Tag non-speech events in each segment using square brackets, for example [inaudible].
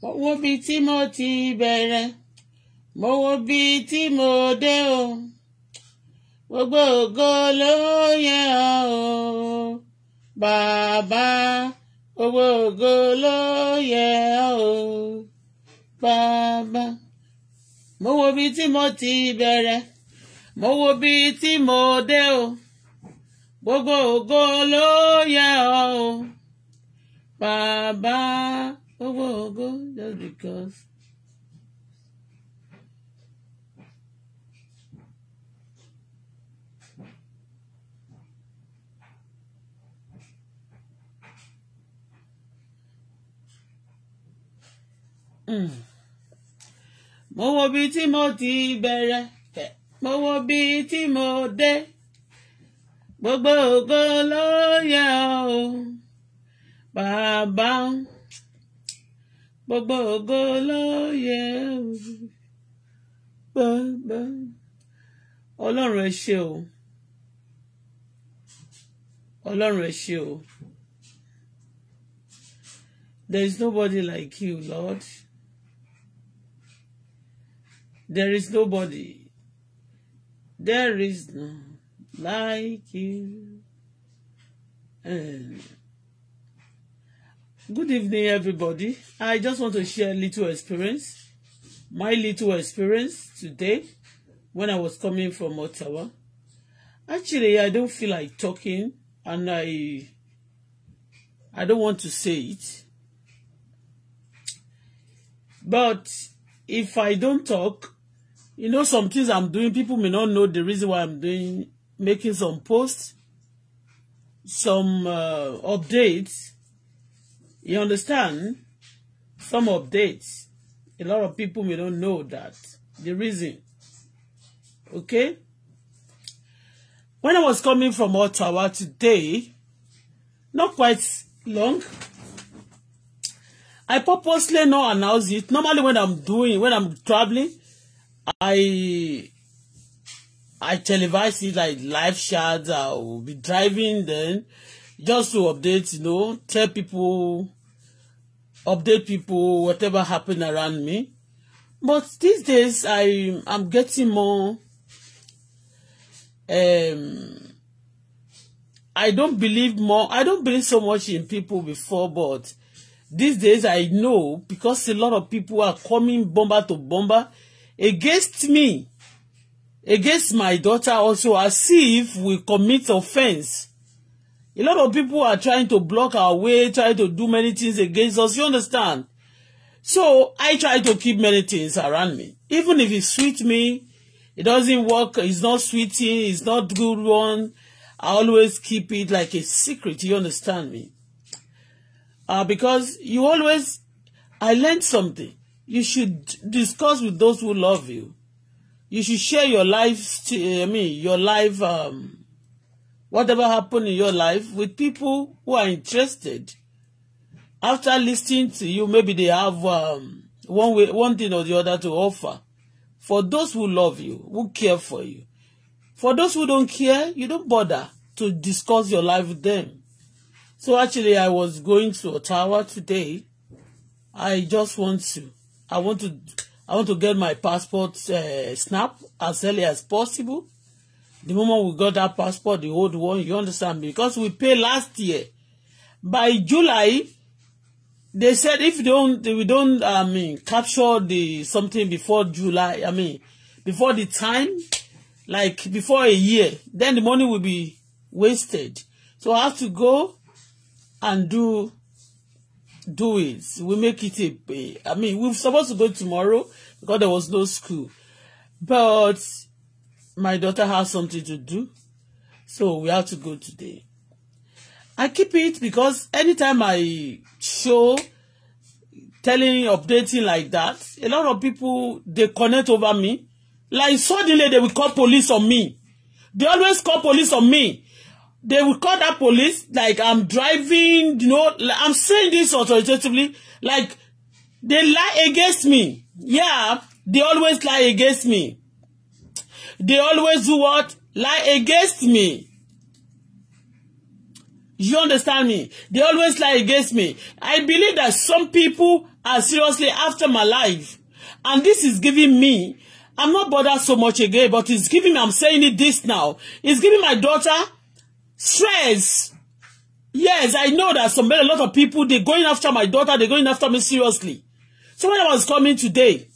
mo wo bí tí mo ti bẹ̀rẹ̀ mo wo bí tí mo dé o gbogbo ògo ló yẹ o bàbá gbogbo ògo ló yẹ o bàbá mo wo bí tí mo ti bẹ̀rẹ̀ mo wo bí tí mo dé o gbogbo ògo ló yẹ o. Baba owo ògo just because. mo wo bí tí mo ti bẹ̀rẹ̀ mo wo bí tí mo dé gbogbo ògo ló yẹ o bàbá gbogbo ògo ló yẹ bàbá ọlọ́run ẹ ṣé o ọlọ́run ẹ ṣé o there is nobody like you lord there is nobody there is no like you. And Good evening, everybody. I just want to share little experience. My little experience today when I was coming from Ottawa. Actually, I don't feel like talking and I I don't want to say it. But if I don't talk, you know, some things I'm doing, people may not know the reason why I'm doing, making some posts, some uh, updates You understand? Some updates. A lot of people may not know that. The reason. Okay? When I was coming from Ottawa today, not quite long, I purposely not announce it. Normally when I'm doing, when I'm traveling, I I televise it like live chat. I will be driving then just to update, you know, tell people update people whatever happened around me. But these days, I am getting more. Um, I don't believe more. I don't believe so much in people before, but these days I know because a lot of people are coming bomber to bomber against me, against my daughter also, as if we commit offense A lot of people are trying to block our way, trying to do many things against us. You understand? So I try to keep many things around me. Even if it sweet me, it doesn't work, it's not sweeting, it's not good one. I always keep it like a secret, you understand me? Uh, because you always, I learned something. You should discuss with those who love you. You should share your life, I mean, your life, um, whatever happened in your life with people who are interested. After listening to you, maybe they have um, one way, one thing or the other to offer. For those who love you, who care for you. For those who don't care, you don't bother to discuss your life with them. So actually, I was going to Ottawa today. I just want to, I want to, I want to get my passport uh, snap as early as possible The moment we got that passport, the old one, you understand me? Because we pay last year. By July, they said if don't we don't I mean capture the something before July, I mean before the time, like before a year, then the money will be wasted. So I have to go and do do it. We make it a, I mean, we're supposed to go tomorrow because there was no school. But my daughter has something to do so we have to go today I keep it because anytime I show telling updating like that a lot of people they connect over me like suddenly they will call police on me they always call police on me they will call that police like I'm driving you know like, I'm saying this authoritatively like they lie against me yeah they always lie against me They always do what? Lie against me. You understand me? They always lie against me. I believe that some people are seriously after my life. And this is giving me, I'm not bothered so much again, but it's giving me, I'm saying it this now, it's giving my daughter stress. Yes, I know that some, a lot of people, they're going after my daughter, they're going after me seriously. So when I was coming today,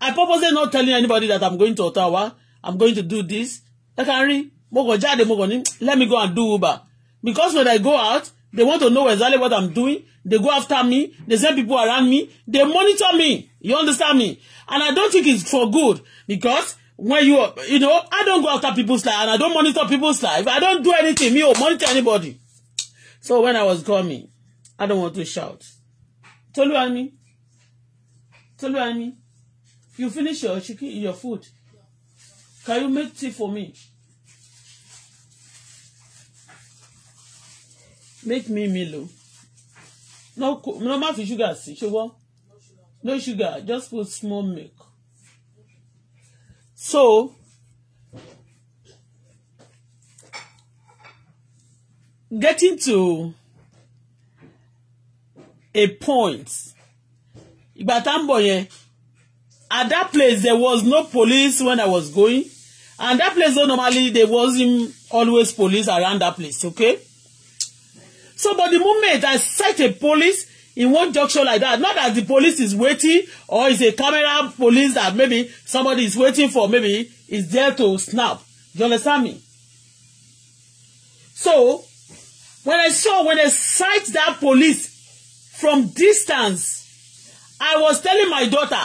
I purposely not telling anybody that I'm going to Ottawa i'm going to do this ẹ kàn rí mo kàn let me go and do uber because when i go out they want to know exactly what i'm doing they go after me they send people around me they monitor me you understand me and i don't think it's for good because when you you know i don't go after people's life and i don't monitor people's life i don't do anything me or monitor anybody so when i was coming i don't want to shout Tell Tell you you what what I mean. I mean. you finish your chicken your food Can you make tea for me? Make me Milo. No, no matter sugar See ṣùgbọ́n. No sugar, just put small milk. So, getting to a point, ìgbà tá ń at that place there was no police when I was going. And that place, though, normally there wasn't always police around that place, okay? So, but the moment I sight a police in one junction like that, not that the police is waiting or is a camera police that maybe somebody is waiting for, maybe is there to snap. You understand me? So, when I saw, when I sight that police from distance, I was telling my daughter,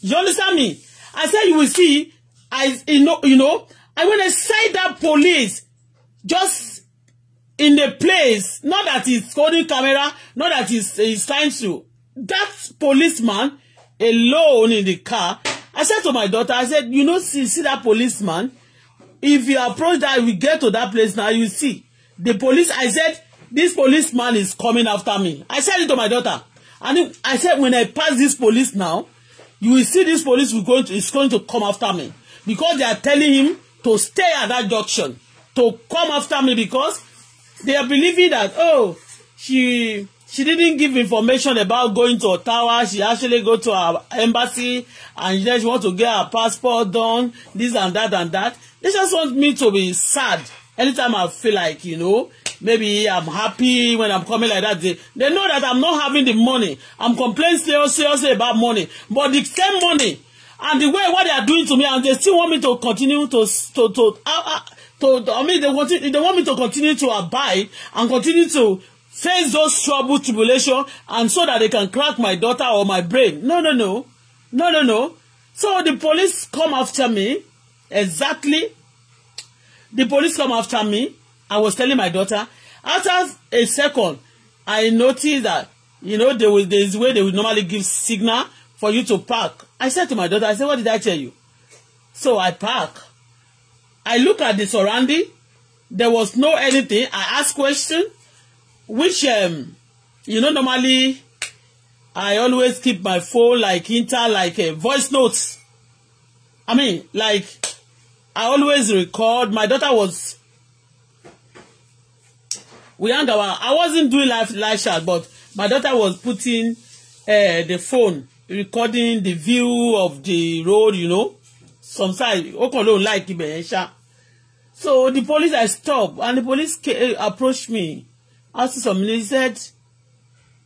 you understand me? I said, you will see, I you know you know I when I say that police just in the place not that he's holding camera not that he's he's trying to that policeman alone in the car I said to my daughter I said you know see see that policeman if you approach that we get to that place now you see the police I said this policeman is coming after me I said it to my daughter and I said when I pass this police now you will see this police will going to, is going to come after me because they are telling him to stay at that junction to come after me because they are believing that oh she she didn't give information about going to Ottawa she actually go to her embassy and then she want to get her passport done this and that and that they just want me to be sad anytime I feel like you know maybe I'm happy when I'm coming like that. They, they know that I'm not having the money. I'm complaining seriously, seriously about money. But the same money and the way what they are doing to me and they still want me to continue to to to uh, uh to I mean they continue they want me to continue to abide and continue to face those trouble tribulation and so that they can crack my daughter or my brain no no no no no no so the police come after me exactly the police come after me I was telling my daughter after a second I noticed that you know there was there is way they would normally give signal for you to park I said to my daughter, I said, what did I tell you? So I park. I look at the surrounding. There was no anything. I ask question, which, um, you know, normally I always keep my phone like inter, like a uh, voice notes. I mean, like I always record. My daughter was, we hung out. I wasn't doing live, live chat, but my daughter was putting uh, the phone recording the view of the road you know sometimes ó kàn lóun láìkí ibẹ̀ yẹn ṣá so the police i stop and the police eh, approach me ask some minutes said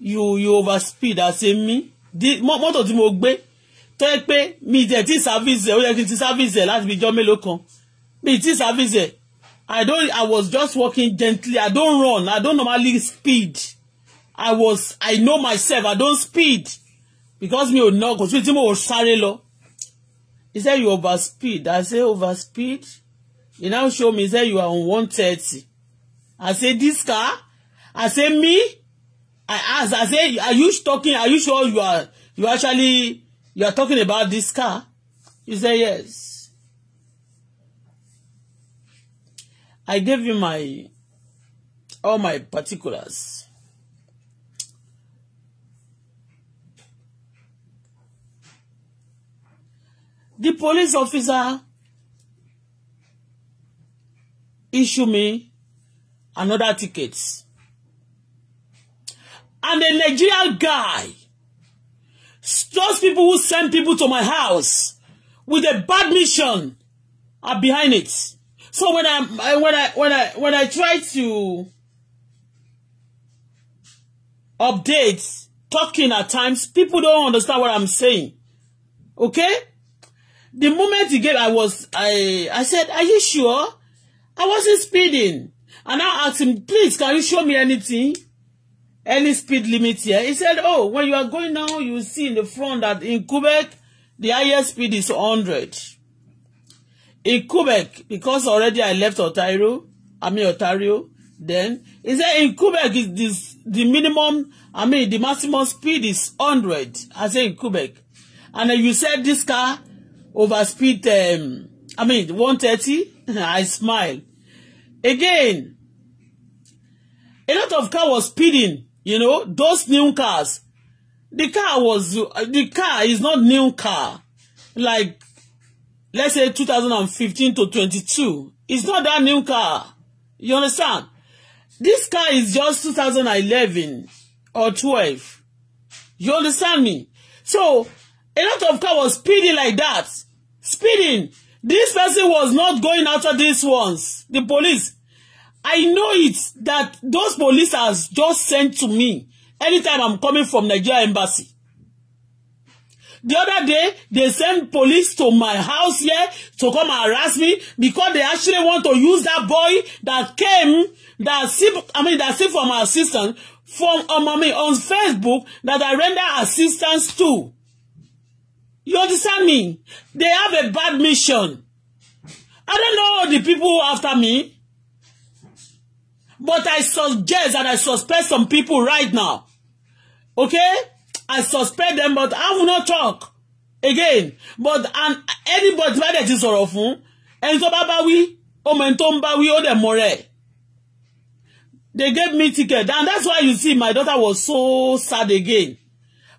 you you overspeed as in me the mọ́tò tí mo gbé tó yẹ pé mi jẹ ti service ẹ ó yẹ ti service ẹ láti fi jọ́ mélòó kan mi ti service i don't. i was just walking gently i don't run i don't normally speed i was i know myself i don't speed because mi ò ná kò sí tí mo sáré lọ he said you overspeed I say overspeed he now show me he say you are on one thirty I say this car I say me I ask I say are you talking are you sure you are you actually you are talking about this car he say yes I gave you my all my particulars The police officer issued me another ticket. And the Nigerian guy, those people who send people to my house with a bad mission are behind it. So when I when I when I when I try to update talking at times, people don't understand what I'm saying. Okay? the moment he gave, I was, I, I said, are you sure? I wasn't speeding. And I asked him, please, can you show me anything? Any speed limit here? He said, oh, when you are going now, you see in the front that in Quebec, the highest speed is 100. In Quebec, because already I left Ontario, I mean Ontario, then, he said in Quebec, is this, the minimum, I mean, the maximum speed is 100. I said in Quebec. And then you said this car overspeed um, I mean 130 [laughs] I smile again a lot of car was speeding you know those new cars the car was uh, the car is not new car like let's say 2015 to 22 it's not that new car you understand this car is just 2011 or 12 you understand me so a lot of car was speeding like that speeding this person was not going after these ones the police I know it that those police has just sent to me anytime I'm coming from Nigeria embassy the other day they sent police to my house here to come and harass me because they actually want to use that boy that came that see I mean that see from my assistant from um, I mean, on Facebook that I render assistance to You understand me? They have a bad mission. I don't know the people after me. But I suggest that I suspect some people right now. Okay? I suspect them, but I will not talk again. But and anybody bá dẹ̀ ti sọ̀rọ̀ fún ẹni tó bá bá wí ọmọ ẹni tó ń bá They gave me ticket and that's why you see my daughter was so sad again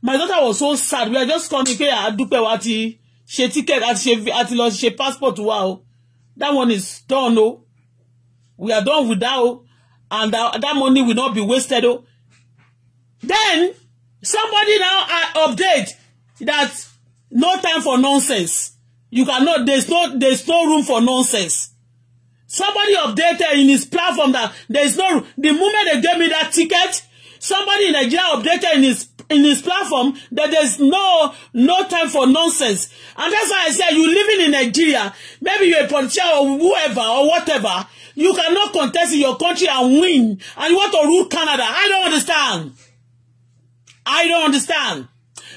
my daughter was so sad we are just coming pé àdúpẹ́ ah, wa ti ṣe ticket àti ṣe àti lọ ṣe passport wa o that one is done o we are done with that o and that, that money will not be wasted o then somebody now uh, update that no time for nonsense you cannot there's no there's no room for nonsense somebody updated in his platform that there's no the moment they gave me that ticket somebody in Nigeria updated in his in his platform that there's no no time for nonsense and that's why i say you living in nigeria maybe you're a politician or whoever or whatever you cannot contest in your country and win and you want to rule canada i don't understand i don't understand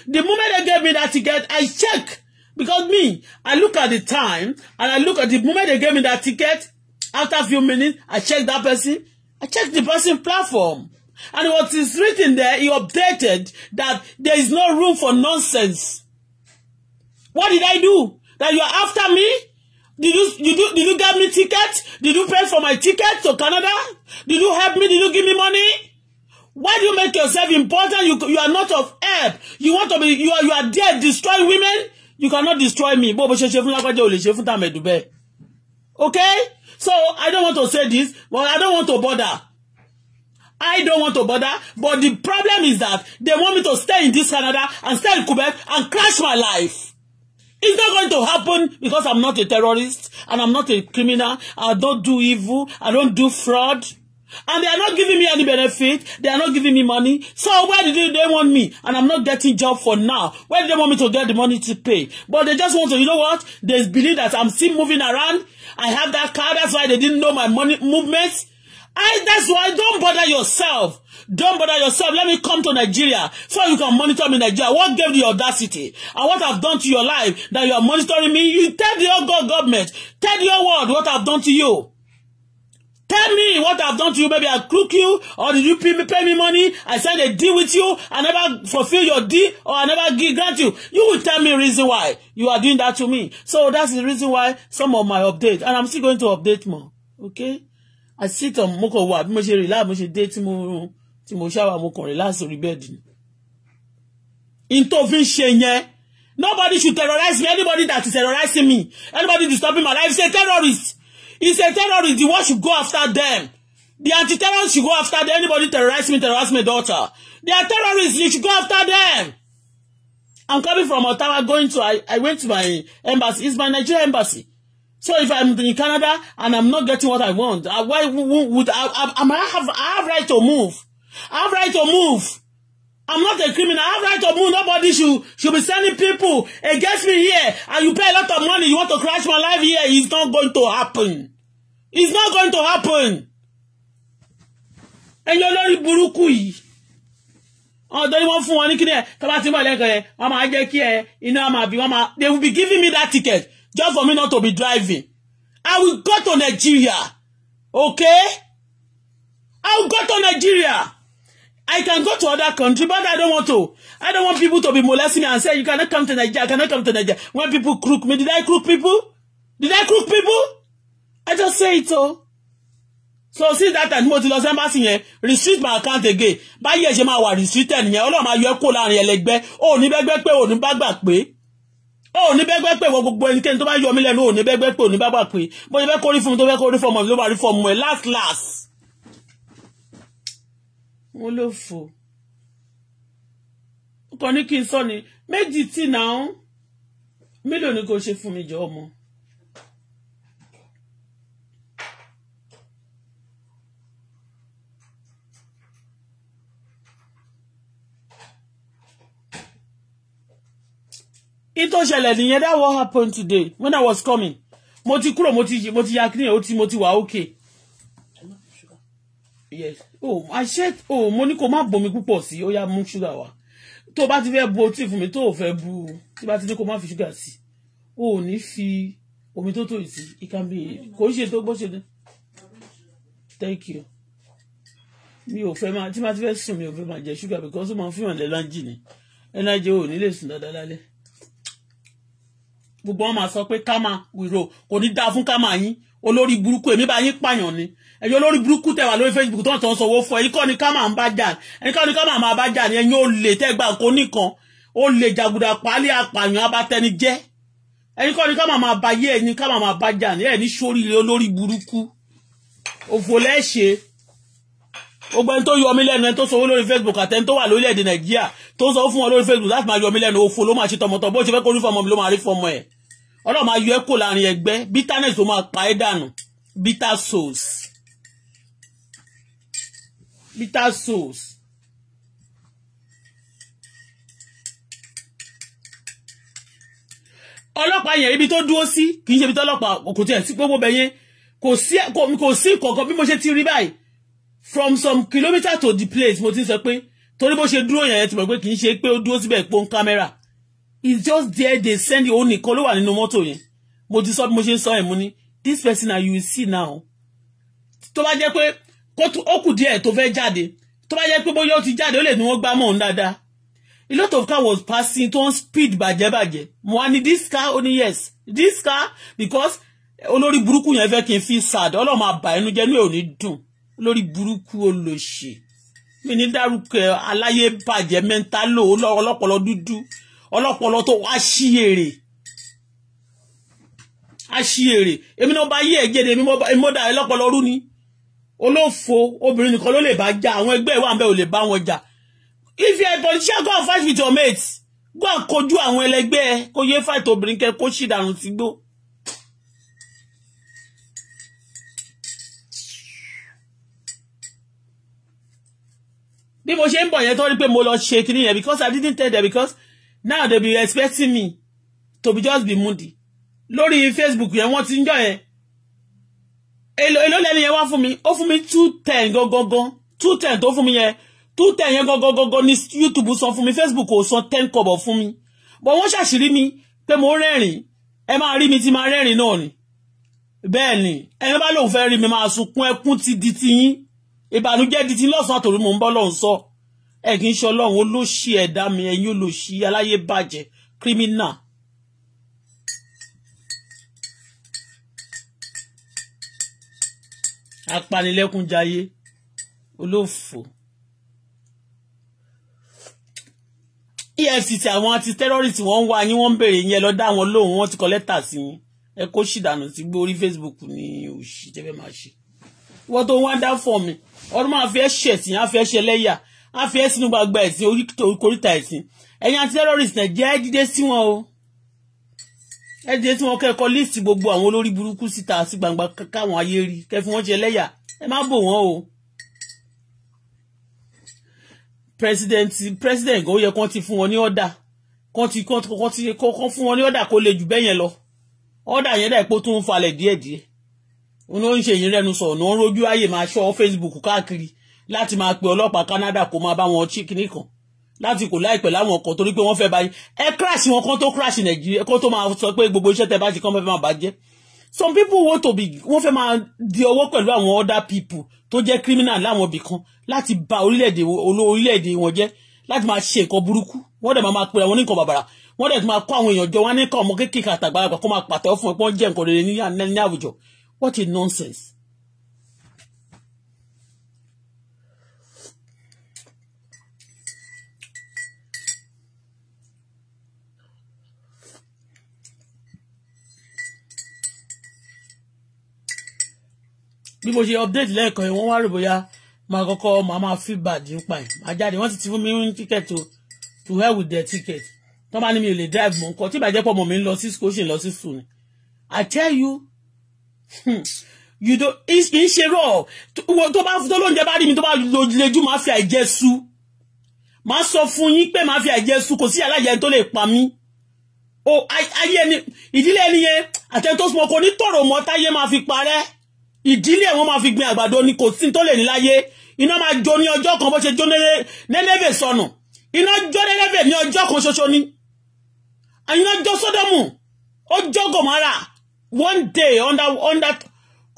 the moment they gave me that ticket i check because me i look at the time and i look at the moment they gave me that ticket after a few minutes i check that person i check the person platform And what is written there, he updated that there is no room for nonsense. What did I do? That you are after me? Did you, did you, did you get me ticket? Did you pay for my ticket to Canada? Did you help me? Did you give me money? Why do you make yourself important? You, you are not of help. You want to be, you are, you are dead. Destroy women. You cannot destroy me. Okay? So I don't want to say this, but I don't want to bother. I don't want to bother, but the problem is that they want me to stay in this Canada and stay in Quebec and crash my life. It's not going to happen because I'm not a terrorist and I'm not a criminal. I don't do evil. I don't do fraud. And they are not giving me any benefit. They are not giving me money. So where do they want me? And I'm not getting job for now. Where do they want me to get the money to pay? But they just want to, you know what? They believe that I'm still moving around. I have that car. That's why they didn't know my money movements. I, that's why don't bother yourself. Don't bother yourself. Let me come to Nigeria so you can monitor me Nigeria. What gave the audacity? And what I've done to your life that you are monitoring me? You tell your God government. Tell your world what I've done to you. Tell me what I've done to you. Maybe I crook you, or did you pay me, pay me money? I signed a deal with you. I never fulfill your deal, or I never give, grant you. You will tell me reason why you are doing that to me. So that's the reason why some of my updates, and I'm still going to update more. Okay? I sit on mo kàn wà bí mo ṣe relax mo ṣe dé tí mo run tí mo ṣáwà mo kàn relax orí bẹ́ẹ̀dì ni. n tó fi ń ṣe yẹn nobody should terrorize me anybody that is terrorizing me anybody disturbing my life is a terrorist is a terrorist the world should go after them the anti-terrorists should go after them anybody terrorize me terrorize my daughter they are terrorists you should go after them. I'm coming from Ottawa going to I, I went to my embassy it's my Nigerian embassy So if I'm in Canada and I'm not getting what I want, uh, why would I, I, I have I have right to move? I have right to move. I'm not a criminal. I have right to move. Nobody should should be sending people against me here, and you pay a lot of money. You want to crash my life here? It's not going to happen. It's not going to happen. And you're not Burukui. Oh, don't you want wọn ní kíni ẹ̀ tó bá ti mọ̀ lẹ́kọ̀ọ́ yẹn wọ́n máa jẹ́ kí ẹ iná máa they will be giving me that ticket just for me not to be driving I will go to Nigeria okay I will go to Nigeria I can go to other country but I don't want to I don't want people to be molesting me and say you cannot come to Nigeria I cannot come to Nigeria when people crook me did I crook people did I crook people I just say it all. Oh. so since that time mo ti lọ sẹ́mbàsì yẹn restrict my account again báyìí ẹ̀ ṣe máa wà restricted yẹn ọlọ́run máa yọ ẹ́ Oh, láàrin ẹlẹgbẹ́ òní bẹ́gbẹ́ pé òní bá gbà pé ó ni bẹ́gbẹ́ pé wọ gbogbo ẹnikẹ́ni tó bá yọ mí lẹ́nu ó ní bẹ́gbẹ́ pé ò ní bábà pé bó ṣe fẹ́ kórí fún mi tó fẹ́ kórí fún ọmọ mi ló bá rí fún ọmọ ẹ̀ last last. wọn ló fò ó kàn ní kí n sọ ni méjì tì náà mélòó kò ṣe fún mi jọ ọmọ. in tó ṣẹlẹ̀ nìyẹn that what happened today when I was coming mo ti kúrò mo ti mo ti ya clean o ti mo ti wà okay yes oh I said oh mo ní kó má bomi púpọ̀ sí ó yá mú ṣúgà wá tó bá ti fẹ́ bu otí fún mi tó o fẹ́ bu tí bá ti ní kó má fi ṣúgà sí o ò ní fi omi tó tó yìí sí be. kò ń ṣe tó gbọ́ ṣe dé thank you mi ò fẹ́ máa tí máa ti fẹ́ sùn mi ò fẹ́ máa jẹ ṣúgà because ó máa ń fihàn lẹ́lájì ni ẹnájẹ ò ní lè sùn dáadáa lálẹ́ gbogbo wọn máa sọ pé káma wìrò kò ní dáa fún káma yín olórí burúkú èmi bá yín pààyàn ni ẹ̀yin olórí burúkú tẹ́ lórí facebook tó ń tọ́ sanwó fún ẹ̀yin kọ́ ni káma ń bá jà ẹ̀yin kọ́ ni káma máa bá jà ni ẹ̀yin ò lè tẹ́ kó nìkan ó lè jàgùdà pálí àpààyàn abatẹni jẹ́ ẹ̀yin kọ́ ni káma máa bá yé ẹ̀yin káma máa bá jà ni ẹ̀yin sóríire olórí burúkú òfò lẹ́ẹ̀ṣẹ̀ gbogbo ẹni tó yọ mí lẹ́nu ẹni tó sanwó lórí facebook àtẹni tó wà lórílẹ̀‐èdè nàìjíríà tó sanwó fún wọn lórí facebook láti máa yọ mí lẹ́nu òfò ló máa ṣe tọmọtọ bó ṣe fẹ́ kó rí fọmọ mi ló máa rí fọmọ ẹ̀ ọlọ́run máa yọ ẹ́ kó láàrin ẹgbẹ́ bitterness ló máa pa ẹ́ dànù bitter souls bitter souls. ọlọ́pàá yẹn ibi tó dúró sí kì í ṣe ibi tó ọlọ́pàá kò tiẹ̀ sí gbogbo bẹ̀ yẹn kò sí kò bí mo ṣe ti rí báyìí from some kilometre to the place mo ti sọ pé torí bó ṣe dúró yẹn ti mọ̀ pé kì í ṣe pé ó dúró síbẹ̀ pọ́n kámẹ́rà it's just there they send the own nìkan one wà nínú mọ́tò yẹn mo ti sọ bí mo ṣe ń sọ ẹ̀ mo this person that you see now To bá jẹ́ pé ó kù díẹ̀ tó fẹ́ jáde tó bá jẹ́ pé bóyá ó ti jáde ó lè ní wọ́n gbá mọ̀ ń a lot of car was passing to ń speed bàjẹ́bàjẹ́ mo wá this car only yes this car because Olori buruku yẹn fẹ́ kí fi sad ọlọ́mọ ma ba jẹ́ inú ẹ̀ ò ní dùn olórí burúkú olóṣè mi ní dárúkọ aláyé bàjẹ́ mẹ́ńtálò ọlọ́pọlọ dúdú ọlọ́pọlọ tó wá sí èrè á sí èrè èmi náà bá yí ẹ̀jẹ̀dẹ̀ èmi mọ́dà ẹ lọ́pọlọ rú ni olófo obìnrin nìkan ló lè bá jà àwọn ẹgbẹ́ ìwà àbẹ̀ ò lè bá wọn jà if you are a politician go and fight with your mates go and kojú àwọn ẹlẹgbẹ́ ẹ kó yé fight obìnrin kẹ kó sì dànù sí gbó. bí mo ṣe ń bọ̀ yẹn tó rí pé mo lọ ṣe kinní yẹn because I didn't tell them because now they be expecting me to be just be moody lórí facebook yẹn wọ́n ti ń jọ yẹn èlò èlò lẹ́nu yẹn wá fún mi ó fún mi two ten gangan two ten tó fún mi yẹn two ten yẹn gangan gangan ni youtube san fún mi facebook ò san ten kọ̀bọ̀ fún mi but wọ́n ṣàṣírí mi pé mo rẹ́rìn ẹ máa rí mi ti máa rẹ́rìn náà ni bẹ́ẹ̀ ni ẹni bá lóun fẹ́ rí mi máa sunkún ẹkún ti di tiyín ìbànújẹ́ di tiyín lọ́sàn-án àtòrí mò ń bọ́ lọ́hùn sọ. So ẹ kì í ṣe ọlọ́run olóṣì ẹ̀dá mi ẹ̀yin olóṣì aláyé bàjẹ́ criminal. apanilẹ́kúnjayé olófò EFCC àwọn àti terrorist wọ́n ń wá yín wọ́n ń béèrè yín ẹ lọ àwọn lóhùn wọ́n ti kọ lẹ́tà sí yín ẹ kó ṣìdànù sí gbé orí Facebook ní òṣì tẹ́fẹ́ máa ṣe wọ́n tó wá dá fọ̀ mi ọdún máa fi ẹ́ ṣẹ̀ sí yín á fi ẹ́ ṣe á fi ẹ́ sínú gbàgbà ẹ̀sìn orí koríta ẹ̀sìn àti terrorist nàìjíríà ẹ dìde sí wọn o ẹ dìde sí wọn kẹ́kọ̀ọ́ líìsì gbogbo àwọn olórí burúkú síta sí gbangba káwọn ayé rí kẹfí wọn ṣe lẹ́yà ẹ má bò wọ́n o. president president ó yẹ kán ti fún wọn ní ọ̀dà kán ti kán ti kán fún wọn ní ọ̀dà kó lè jù bẹ́ẹ̀ yẹn lọ ọ̀dà yẹn dà ipò tó ń falẹ̀ díẹ̀díẹ̀ òun ló ń ṣe ìyẹn rẹnu sọ̀nà rojú ayé máa ṣọ́ Facebook káàkiri láti máa pe ọlọ́pàá Canada kó máa bá wọn chíkìní kan láti kò láìpẹ́ láwọn ọkọ̀ torí pé wọ́n fẹ́ báyìí ẹ crash wọn kán tó crash Nàìjíríà kán tó máa sọ pé gbogbo iṣẹ́ tẹ bá ṣe kán fẹ́ máa bàjẹ́ some people want to be wọ́n fẹ́ máa di ọwọ́ pẹ̀lú àwọn other people tó jẹ́ criminal láwọn ibì kan láti ba orílẹ̀-èdè olówó orílẹ̀-èdè wọn jẹ́ láti máa ṣe nǹkan burúkú wọ́n dẹ̀ máa pe àwọn oníkan bàbàrà wọ́n dẹ̀ tún máa kó àwọn èèyàn jọ wọ́n ní kàn ọmọ kéékèèké àtàgbàlagbà kó fún ẹ pé jẹ́ nǹkan rere ní àwùjọ what a nonsense bí mo ṣe update lẹ́ẹ̀kan yẹn wọ́n wá rò bóyá máa kọ́kọ́ máa máa feel bad nípa ẹ̀ máa jáde wọ́n ti ti fún mi ní ticket o to help with their ticket tó bá ní mi ò lè drive mọ́ nǹkan tí ìbàjẹ́ pọ̀ mọ́ mi ń lọ sí school ṣì ń lọ sí school ni I tell you hmm, you do kì í ṣe rọ tó bá tó lóúnjẹ bá rí mi tó bá lejú máa fi àìjẹ su máa sọ fún yín pé máa fi àìjẹ su kò sí alájẹ tó lè pa mí o oh, ayé ẹni ìdílé ẹni yẹn àtẹ̀tọ́ sọ̀kò ní tọ̀rọ̀ mọ́ táyé máa fi parẹ́ ìdílé wọn máa fi gbin àgbàdo ni kò sí tó lè ní láyé iná máa jó ní ọjọ́ kan bó ṣe jó nẹ́nẹ́bẹ̀ sọnù iná jó nẹ́nẹ́bẹ̀ ní ọjọ́ kan ṣoṣo ni iná jó sódòmù ó jó gòmárà one day under under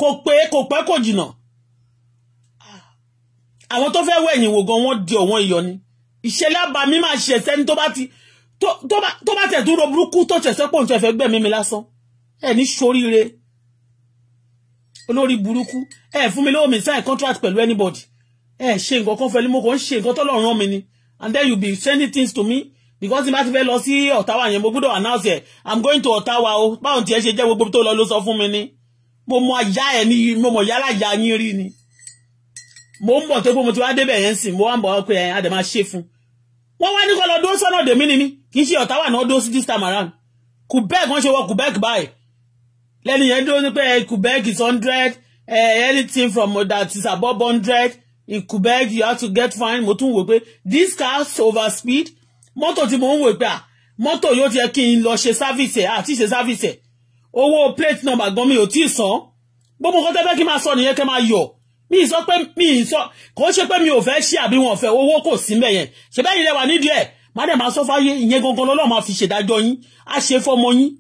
kò pé kò pẹ́ kò jìnà àwọn tó fẹ́ wẹ̀yìn wò gan wọ́n di ọ̀wọ́n iyọ̀ ni ìṣẹ̀lẹ̀ àbàmí máa ṣe ẹ̀sẹ́ni tó bá ti tó bá tẹ̀ dúró burúkú tó ṣẹ̀ṣẹ́ pòǹtẹ̀ fẹ́ gbẹ̀mí mi lásán ẹ̀ ní ṣoríire olórí burúkú ẹ fún mi lówó mi sign contract pẹ̀lú anybody ẹ ṣe nǹkan kan fẹ́ ni mo kàn ń ṣe nǹkan tọ́lọ́run rán mi ni and then you be sending things to me because tí n bá ti fẹ́ lọ sí ọ̀táwà yẹn mo gbọ́dọ̀ announce ẹ̀ i'm going to ọ̀táwà o báwọn tiẹ̀ ṣe jẹ́ gbogbo tó lọ ló sọ fún mi ni mo mọ ìyá ẹ̀ ni mo mọ ìyá alájà yín rí ni mo ń bọ̀ tó pé mo ti wá débẹ̀ yẹn sìn mo wá ń bọ̀ pé ẹ̀ adẹ̀ máa ṣe fún wọ́n wá ní kọ́ lọ dó sọ́nà dèmí ni mi kì í ṣe ọ̀táwà náà dó sí this time around Quebec wọ́n ṣe wọ Quebec báyìí lẹ́nu yẹn dúró ní pé eh, Quebec is hundred eh, anything from that is above hundred in Quebec you have to get fine mo tún wò pé this car over speed mọ́tò tí mo ń wò pé à ah, mọ́tò yóò ti yẹ kí n lọ ṣe sáfìsì ẹ̀ àti ṣe sáfìsì owó plate number gan mi ò tí ì san gbogbo nǹkan tẹ́fẹ́ kí n máa sọ nìyẹn kẹ́ máa yọ̀ mi ì sọ pé mi ì sọ kò ṣe pé mi ò fẹ́ ṣe àbí wọn ò fẹ́ owó kò sí mbẹ̀ yẹn ṣe bẹ́ẹ̀ yìí lẹ́wà nídìí ẹ̀ má dẹ̀ máa sọ fáyé ìyẹn gangan lọ́lọ́ máa fi ṣèdájọ́ yín á ṣe fọmọ yín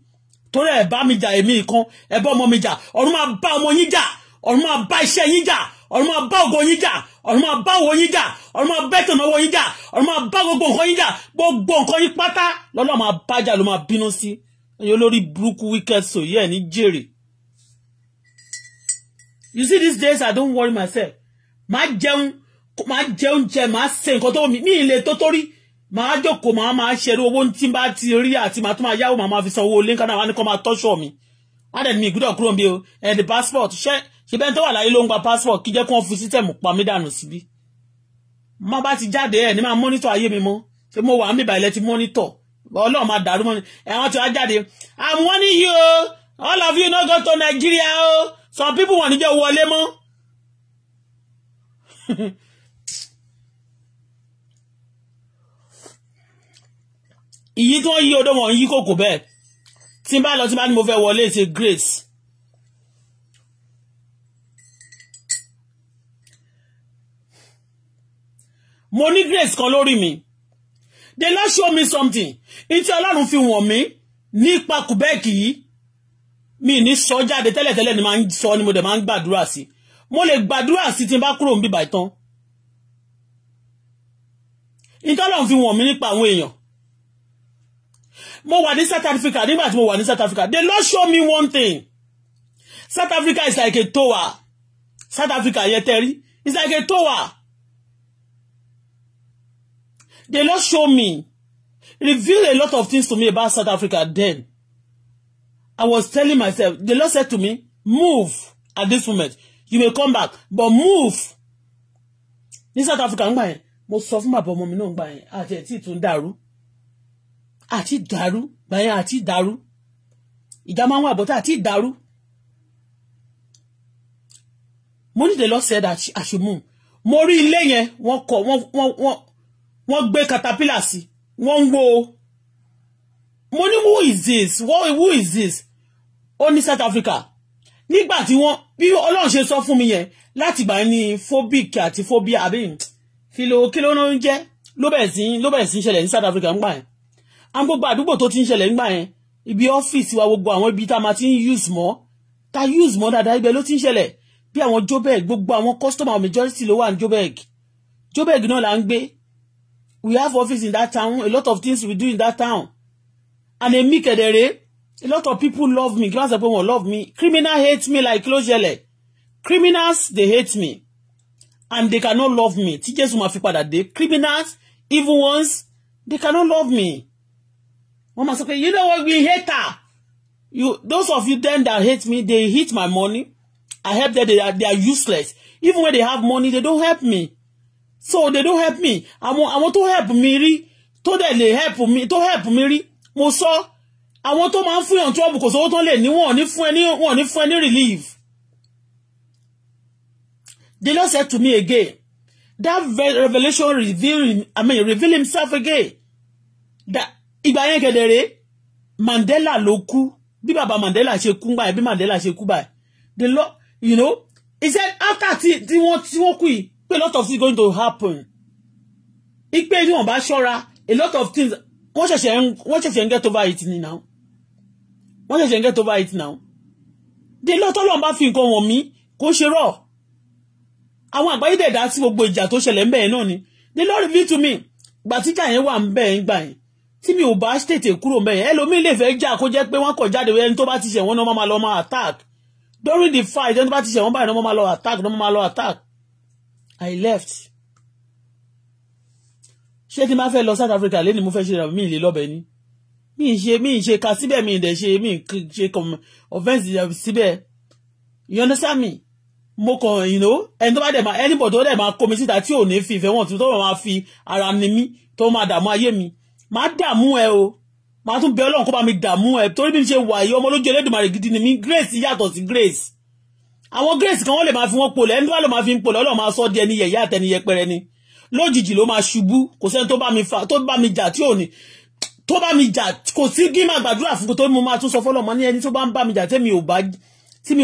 torí ẹ bá mi jà èmi kan ẹ bá ọmọ mi jà ọ̀run máa bá ọmọ yín jà ọ̀run máa bá iṣẹ́ yín jà ọ̀run máa bá ògo yín jà ọ̀run máa bá òwò yín jà ọ̀run máa bá ètò ìnáwó yín jà ọ̀run máa bá gbogbo nǹkan yín jà gbogbo nǹkan yín pátá lọ́lọ́ máa bá jà ló máa bínú sí ẹ̀yin olórí burúkú wíkẹ́ sọ yẹ́ ẹ̀ ní jèrè. you see these days i don't worry myself máa jẹun máa jẹun jẹ máa ṣe nǹkan tó mi mi ì lè tó torí màá jókòó màá máa ṣeré owó tí n bá ti rí àti màá tún máa yáwó màá máa fi san owó ilé nǹkan náà wá ní kó máa tọ́ṣọ̀ mi wọ́n dẹ̀ ní ìgbúdọ̀ kúrò bí o the passport ṣé ṣe bẹ́ẹ̀ tó wà láyé ló ń gba passport kí jẹ́ kí wọ́n fi sítẹ̀mù pa mí dànù síbí má bá ti jáde ẹ̀ ní máa mọ́nítọ̀ ayé mi mọ́ ṣé mo wà á mìbà ilẹ̀ ti mọ́nítọ̀ ọlọ́run máa dàrú mọ́ni ẹ̀wọ̀n ti wá jáde I'm warning you all of you no go to Nigeria o some people wọ̀n níjẹ́ wọlé mọ́ [laughs] ìyí tí wọ́n yí odó wọn yí kòkò bẹ́ẹ̀ tí n bá lọ tí n bá ní mo fẹ́ wọlé ṣe grace. mo ní grace kan lórí mi the Lord show me something ìtí ọlọ́run fi wọ̀n mí nípa kùbẹ́ẹ̀kì yìí mi ní sọ jáde tẹ́lẹ̀tẹ́lẹ̀ ni máa ń sọ ni mo dẹ̀ máa ń gbàdúrà sí mo lè gbàdúrà sí tí n bá kúrò ń bíbà tán ìtọ́lọ́run fi wọ̀n mí nípa àwọn èèyàn mo wà ní South Africa nígbà tí mo wà ní South Africa They Lord show me one thing South Africa is like a tower South Africa yẹ tẹ́rí is like a tower They Lord show me reveal a lot of things to me about South Africa then I was telling myself the Lord said to me move at this moment you may come back but move ní South Africa ń gbà yẹn mo sọ fún bàbá ọmọ mi náà ń gbà yẹn àti ẹ̀ tí ì tún dàrú àti dàrú gbàyẹn àti dàrú ìjà máa ń wà bọ́tà àti dàrú mo ní the Lord said I should move mo rí ilé yẹn wọ́n kọ́ wọ́n gbé caterpillar sí wọ́n ń wó mo ní who is this what who is this ó ní South Africa nígbà tí wọ́n bí Ọlọ́run ṣe sọ fún mi yẹn láti gbà ní phobic àti phobia àbí kí ló kí ló ń jẹ́ ló bẹ̀rẹ̀ sí ló ṣẹlẹ̀ ní South Africa ń gbà yẹn àwọn gbogbo àdúgbò tó ti ń ṣẹlẹ̀ nígbà yẹn ibi ọ́fíìsì wa gbogbo àwọn ibi tá a máa ti ń use mọ́ ta use mọ́ dáadáa ibẹ̀ ló ti ń ṣẹlẹ̀ bí àwọn Joburg gbogbo àwọn customer majority ló wà ní Joburg Joburg náà là ń gbé we have office in that town a lot of things we do in that town and èmi kẹ̀dẹ̀rẹ́ a lot of people love me kí wọ́n pé wọ́n love me criminal hate me like ló ṣẹlẹ̀ criminals they hate me and they cannot love me tí Jésù máa fi padà dé criminals even ones they cannot love me wọ́n máa sọ pé you know what we hate her you those of you then that hate me they hate my money I help them they are, they are useless even when they have money they don't help me so they don't help me àwọn àwọn tó help mi rí tó dẹ̀ lè help mi tó help mi rí mo sọ àwọn tó máa ń fún yàn trouble kò sówó tó lè ní wọn ò ní fún ẹ ní wọn ò ní fún ẹ ní relief. The Lord said to me again that revelation reveal I mean reveal himself again that ìgbà yẹn kedere Mandela ló kú bí baba Mandela ṣe kú báyìí bí Mandela ṣe kú báyìí the law you know he said after ti ti wọn ti wọn kú yìí pé a lot of things going to happen ipe tí wọn bá ṣọ́ra a lot of things wọn ṣẹ̀ṣẹ̀ ń wọn ṣẹ̀ṣẹ̀ ń get over it ni now wọn ṣẹ̀ṣẹ̀ ń get over it now the law tọ́lọ́run bá fi nǹkan wọ̀n mí kó ṣe rọ̀ àwọn àgbáyé dẹ̀dá sí gbogbo ìjà tó ṣẹlẹ̀ ń bẹ̀ náà ni the law reveal to me gbàtíjà yẹn wà ń bẹ̀ ń gbà yẹn tí mi ò bá tètè kúrò mẹ́yẹn ẹlòmíín lè fẹ́ jà kó jẹ́ pé wọ́n kọ̀ jáde ẹni tó bá ti ṣẹ̀ wọ́n náà máa lọ máa attack during the fight ẹni tó bá ti ṣẹ̀ wọ́n báyìí náà máa lọ attack náà máa lọ attack I left. ṣé kí n bá fẹ́ lọ South Africa lẹ́ni mo fẹ́ ṣe ìrànwọ́ mi ìlé lọ́bẹ̀ ni mi ì ṣe mi ì ṣe ka síbẹ̀ mi ì dẹ̀ ṣe mi ì ṣe offence síbẹ̀ you understand me mo kàn you know ẹni tó bá dẹ̀ máa anybody tó dẹ̀ máa kó mi síta tí ò ní fi ìfẹ́ wọn tó máa fi ara ni mí tó máa dààmú ayé mi màá dààmú ẹ o màá tún bẹ ọlọ́run kó bá mi dààmú ẹ torí bí mi ṣe wà ọmọ lójú Elédùmarè gidi ni mi grace yàtọ̀ sí grace àwọn grace kan wọ́n lè máa fi wọ́n polẹ̀ ẹni tó bá lè máa fi ń polẹ̀ ọlọ́run máa sọ di ẹni yẹ̀yẹ́ àtẹni yẹpẹrẹ ni lójijì ló máa ṣubú kò sẹ́ni tó bá mi fa tó bá mi jà tí ò ní tó bá mi jà kò sí kí máa gbàdúrà fún tó mo máa tún sọ fọlọ́mọ ní ẹni tó bá ń bá mi jà tí mi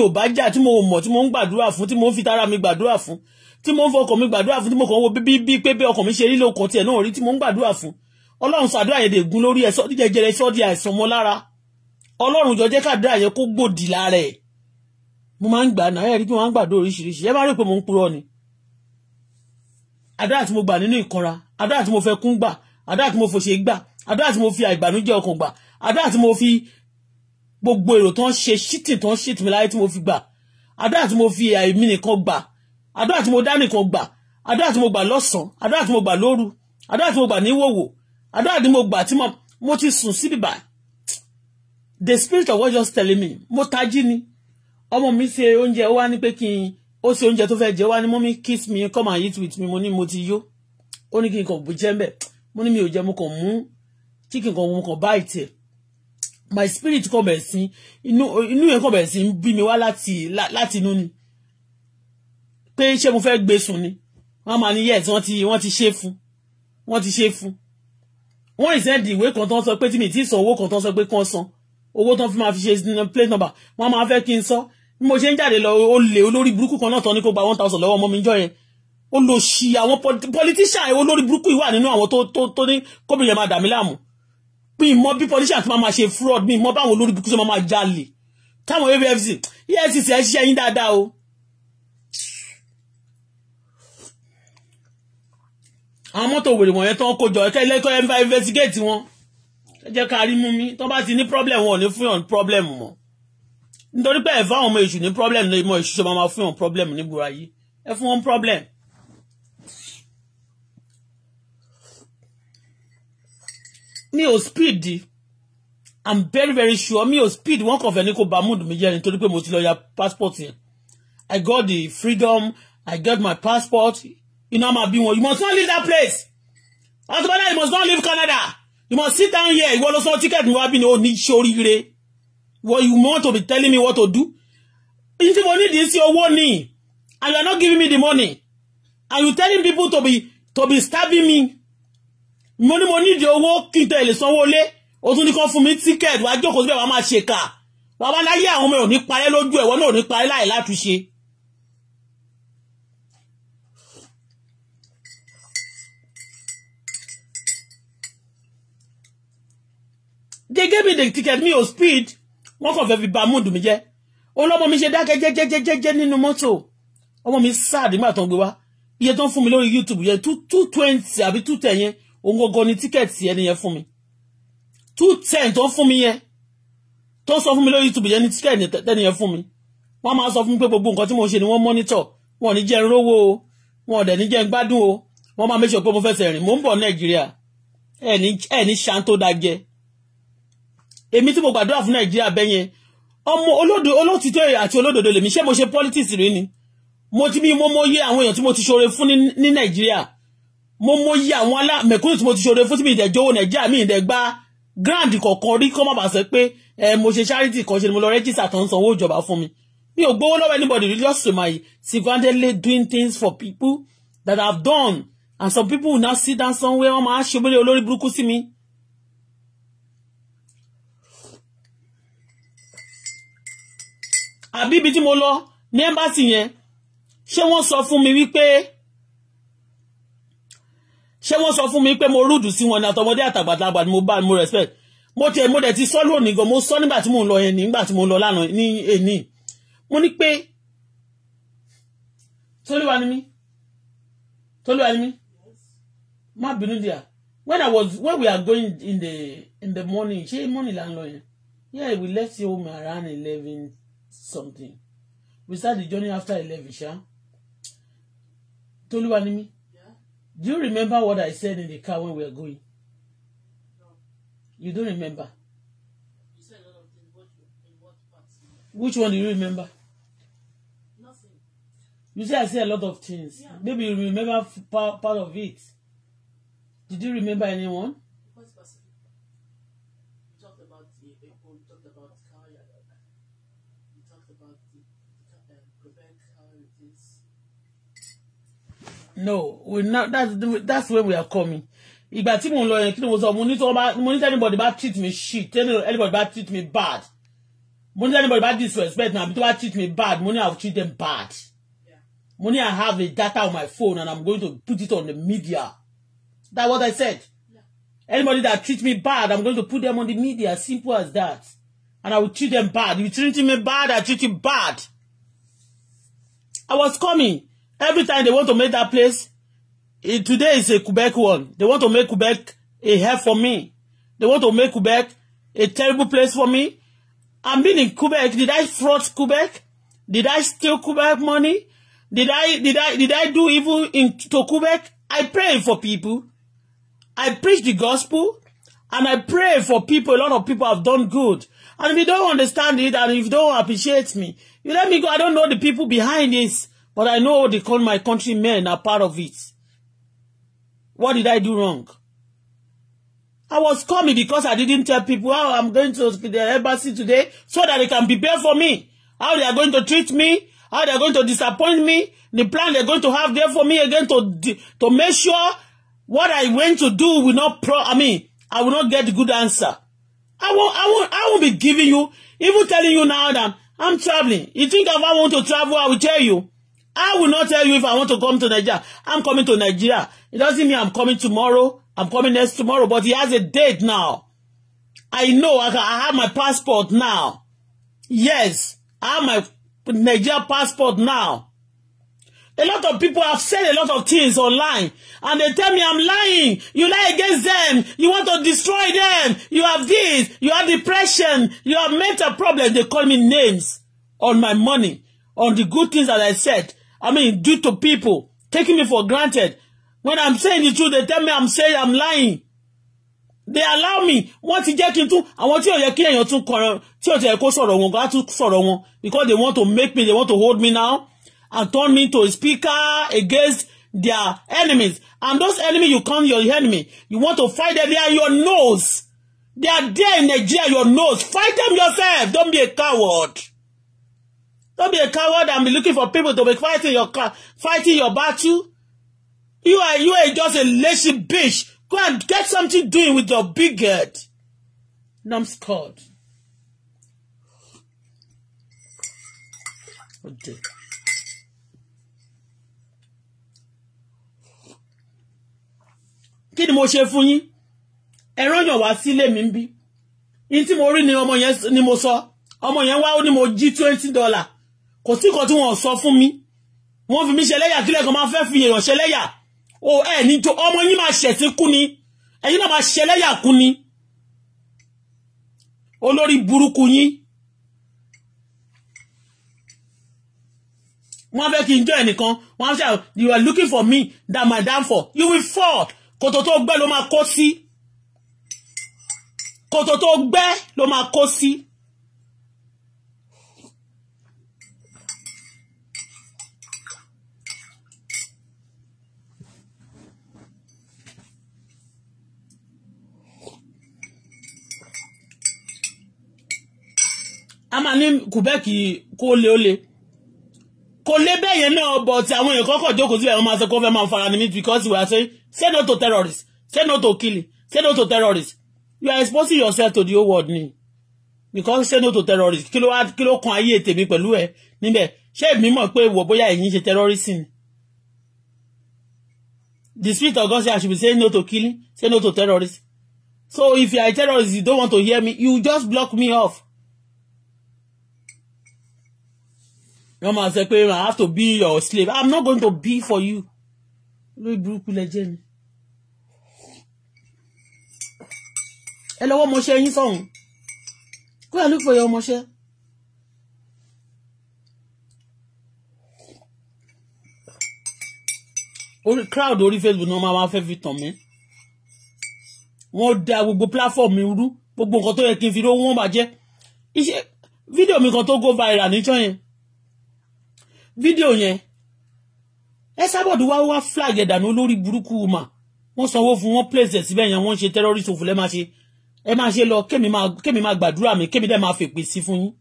ò bá jà tí mo mọ̀ tí mo ń gbàdúrà fún tí mo ń fi tara mi gbàdúrà fún tí mo ń fọkàn mi gbàdúrà fún tí mo kàn ń wo bíbí pé bí ọkàn mi ṣe rí lóko tiẹ̀ náà rí tí mo ń gbàdúrà fún ọlọ́run sàdúrà yẹn dègún lórí ẹ̀ sọ́dí jẹjẹrẹ sọ́dí àìsàn mọ́ lára ọlọ́run jọ jẹ́ kàdúrà yẹn kó gbòdì lára ẹ̀ mo máa ń gbà náà ẹ̀rí bí mo máa ń gbàdó oríṣiríṣi ẹ má rí pé mo ń purọ́ ni àdúrà tí mo gbà nínú ìkanra àdúrà tí mo fẹ́ kún gbà àdúrà tí mo fòṣe gbà àdúrà tí mo fi àìbànújẹ́ ọkàn gbà àdúrà tí mo fi gbogbo èrò tán ṣe ṣítìn tán ṣètì mi láyé tí mo fi gbà àdúrà mo fi àìmí nìkan gbà àdúrà mo dá nìkan gbà àdúrà mo gbà lọ́sàn-án àdúrà mo gbà lóru àdúrà mo gbà níwòwò àdúrà ni mo gbà tí mo mo ti sùn síbi bá the spirit of God just telling me mo tají ni ọmọ mi ṣe oúnjẹ ó wá ní pé kí n ó ṣe oúnjẹ tó fẹ́ jẹ ó wá ní mọ́mí kiss me come and eat with me mo ní mo ti yó ó ní kí n kàn bó jẹ́ mbẹ́ mo ní mi ò jẹ́ mo kàn mú chicken kan mo kàn bá ìtẹ̀ my spirit kàn bẹ̀rẹ̀ sí inú inú yẹn kàn bẹ̀rẹ̀ sí bí mi wá láti láti inú ni pé ṣé mo fẹ́ gbé sùn ni wọ́n máa ní yes wọ́n ti wọ́n ti ṣe fún wọ́n ti ṣe fún wọ́n ìsẹ́ndì ìwé kan tán sọ pé tí mi ti san owó kan tán sọ pé kán san owó tán fi máa fi ṣe plate number wọ́n máa fẹ́ kí n san bí mo ṣe ń jáde lọ ó lè olórí burúkú kan náà tán ní kó gba one thousand lọ́wọ́ ọmọ mi jọ yẹn ó lọ ṣì àwọn politician olórí burúkú yìí wà nínú àwọn tó tó tó ní kóbìnrin máa dà mí láàmú mi mọ bí politician tó máa máa ṣe fraud mi mọ báwọn olórí burúkú ṣe máa máa jalè táwọn efcc efcc ẹ ṣiṣẹ́ yín dáadáa o àwọn mọ́tò wèrè wọ̀nyẹn tán kó jọ ẹ̀kẹ́ ilé-ẹ̀kọ́ ẹ̀ ń bá investigate wọn ẹ jẹ́ ká rí mú mi tó bá ti ní problem wọn ò ní fún yàn problem mọ́ nítorí pé ẹ fún àwọn ọmọ èṣù ní problem ní ìmọ̀ èṣù ṣe máa fún yàn problem níbo ayé ẹ fún wọn problem. mi ò speed i'm very very sure mi ò speed wọn kàn fẹ́ ní kó ba mood mi jẹ́ nítorí pé mo ti lọ ya passport yẹn i got the freedom i got my passport iná máa bí wọn you must not leave that place Auto Bola you must not leave Canada you must sit down here You want ìwọ ló sọ tíkẹ́ẹ̀tì wá bí ní òní ṣoríire you want to be telling me what to do If tí mo ní ìdí sí and you are not giving me the money and you telling people to be to be stabbing me mo ní mo ní ìdí owó kí n tẹ̀lé sanwó lé o tún ní kán fún mi tíkẹ́ẹ̀tì wá jókòó síbẹ̀ wá máa ṣèkà wàá wá láyé àwọn ọmọ ẹ̀ ò ní parẹ́ lójú ẹ̀wọ́ náà ò ní parẹ́ láì látúnṣe. they gave me the ticket Me, ò speed wọ́n kàn fẹ́ fi me mood Oh jẹ́ òun lọ́mọ mi ṣe dákẹ́ jẹ́jẹ́jẹ́jẹ́ nínú mọ́tò ọmọ mi sáà nígbà tó ń gbé wá iye tó ń fún mi lórí youtube yẹn two twenty àbí two ten yẹn òun gangan ni tíkẹ́ẹ̀tì ẹni yẹn fún mi two ten tó ń fún mi yẹn tó sọ fún mi lórí youtube yẹn ni tíkẹ́ẹ̀tì ẹni yẹn fún mi wọ́n máa sọ fún mi pé gbogbo nǹkan tí mo ṣe ni wọ́n mọ́nítọ̀ wọn ò ní jẹ́ rówó o wọn ò dẹ̀ ní jẹ́ gbádùn o wọ́n máa make sure pé mo fẹsẹ̀ rìn mò ń bọ̀ nàìjíríà ẹ̀ ní ṣan tó Emi ti mo gbàdúrà fún nàìjíríà bẹ́ẹ̀ yẹn ọmọ olódo olótìtọ́ àti olódodo lèmi ṣé mo ṣe politics rí ni mo ti mi mo mọ yé àwọn ti tí mo ti ṣoore fún ní Nigeria. mo mọ yé àwọn alámẹ̀kúnnù tí mo ti ṣoore fún tí mi ìdẹ̀jọ́ owó nàìjíríà mi ìdẹ̀gbá grand kọ̀ọ̀kan rí kọ́ má bàa sọ pé ẹ mo ṣe charity kan ṣe ni mo lọ rẹ́jísà tó ń sanwó ìjọba fún mi mi ò gbowó lọ́wọ́ anybody just to my single-handedly doing things for people that I've done and some people will now sit down somewhere wọ́n máa ṣe obìnrin olórí burúkú sí mi àbí ibi tí mo lọ ní ẹ́mbásì yẹn ṣé wọ́n sọ fún mi wípé ṣé wọ́n sọ fún mi pé mo rúdù sí wọn ní àtọmọdé àtàgbàlagbà ni mo bá mo respect mo tẹ mo dẹ̀ ti sọ lónìí gan mo sọ nígbà tí mo ń lọ yẹn nígbà tí mo ń lọ lánàá ní èní mo ní pé tolúwa ni mí tolúwa ni mí má bínú díà when I was when we are going in the in the morning ṣé morning la ń lọ yẹn yeah we left home around eleven something we start the journey after eleven sha toluwa ni mi do you remember what I said in the car when we were going no. you don't remember you said a lot of things what, in what part which one do you remember nothing you say I said a lot of things yeah. maybe you remember part, part of it did you remember anyone. no we now that's that's when we are coming ìgbà tí mò ń lọ yẹn kí ni mo sọ mo ní tí wọn bá mo ní tí anybody bá treat me shit anybody bá treat me bad mo ní tí anybody bá disrespect me àbí tó bá treat me bad mo ní i will treat them bad mo ní i have a data on my phone and i'm going to put it on the media That what i said yeah. anybody that treat me bad i'm going to put them on the media simple as that and i will treat them bad If you treat me bad i treat you bad i was coming Every time they want to make that place, it, eh, today is a Quebec one. They want to make Quebec a hell for me. They want to make Quebec a terrible place for me. I've been in Quebec. Did I fraud Quebec? Did I steal Quebec money? Did I did I did I do evil in to Quebec? I pray for people. I preach the gospel and I pray for people. A lot of people have done good. And if you don't understand it and if you don't appreciate me, you let me go. I don't know the people behind this. But I know what they call my countrymen are part of it. What did I do wrong? I was coming because I didn't tell people how I'm going to the embassy today so that they can prepare for me. How they are going to treat me, how they are going to disappoint me, the plan they're going to have there for me again to to make sure what I went to do will not pro I mean, I will not get the good answer. I won't I won't I won't be giving you even telling you now that I'm traveling. You think if I want to travel, I will tell you. I will not tell you if I want to come to Nigeria. I'm coming to Nigeria. It doesn't mean I'm coming tomorrow. I'm coming next tomorrow. But he has a date now. I know. I, I have my passport now. Yes. I have my Nigeria passport now. A lot of people have said a lot of things online and they tell me I'm lying. You lie against them. You want to destroy them. You have this. You have depression. You have mental problems. They call me names on my money, on the good things that I said. I mean, due to people taking me for granted. When I'm saying the truth, they tell me I'm saying I'm lying. They allow me. what ti jẹ́ kí I want you to ò yẹ kí èèyàn tún kọ̀rọ̀ tí ò ti yẹ kó sọ̀rọ̀ wọn kó because they want to make me, they want to hold me now and turn me to a speaker against their enemies. And those enemies, you count your enemy. You want to fight them, they are your nose. They are there in Nigeria, your nose. Fight them yourself. Don't be a coward. Don't be a coward and be looking for people to be fighting your fighting your battle. You are you are just a lazy bitch. Go and get something doing with your big head. Numbskull. Okay. Kí mo ṣe fún yín? Ero yàn wá sílé mi ń bí. mo rí ni ọmọ yẹn ni mo sọ. Ọmọ yẹn wá ó ní mo jí twenty dollar kò sí nǹkan tí wọ́n sọ fún mi wọ́n fi mí ṣẹlẹ́yà kílẹ̀ kan máa fẹ́ fi èèyàn ṣẹlẹ́yà o ẹ ní tó ọmọ yín máa ṣẹ̀sín kú ni ẹ̀yin náà máa ṣẹlẹ́yà kú ni olórí burúkú yín wọ́n fẹ́ kí n jọ ẹnìkan wọ́n ṣe you are looking for me that my damn for you will fall kòtò tó gbẹ́ ló máa kó sí kòtò tó gbẹ́ ló máa kó sí. a máa ní Quebec kó lé ó lé kò lé bẹ́ẹ̀ yẹn náà bọ̀ tí àwọn èèyàn kọ́kọ́ jókòó síbẹ̀ wọ́n máa sọ kó fẹ́ máa fara ni mí because we are saying say no to terrorists say no to killing say no to terrorists you are exposing yourself to the whole world ni because say no to terrorists kí ló wá kí ló kan ayé tèmi pẹ̀lú ẹ níbẹ̀ ṣé èmi mọ̀ pé wọ̀ bóyá ẹ̀yin ṣe terrorism ni the spirit of God say I should be saying no to killing say no to terrorists so if you are a terrorist you don't want to hear me you just block me off wọ́n máa sọ pé I have to be your slave I'm not going to be for you lórí burúkú lẹ́jẹ̀ ni. ẹ lọ́wọ́ mọṣẹ́ yín sọ̀hún kó yà ló fòye ọmọṣẹ́. orí crowd orí Facebook náà máa fẹ́ fi tàn mí wọ́n da gbogbo platform mi rú gbogbo nǹkan tó yẹ kí n fi lówó wọ́n bàjẹ́ iṣẹ́ fídíò mi kan tó go viral níjọ́ yẹn fídíò yẹn ẹ sábọ̀dù wá wá flag ẹ̀dànù olórí burúkú mà wọ́n sanwó fún wọn place síbẹ̀ yẹn wọ́n ń ṣe terrorist òfò lẹ́ máa ṣe ẹ máa ṣe lọ kémi máa gbàdúrà mi kémi dẹ̀ máa fèpè sí fún yín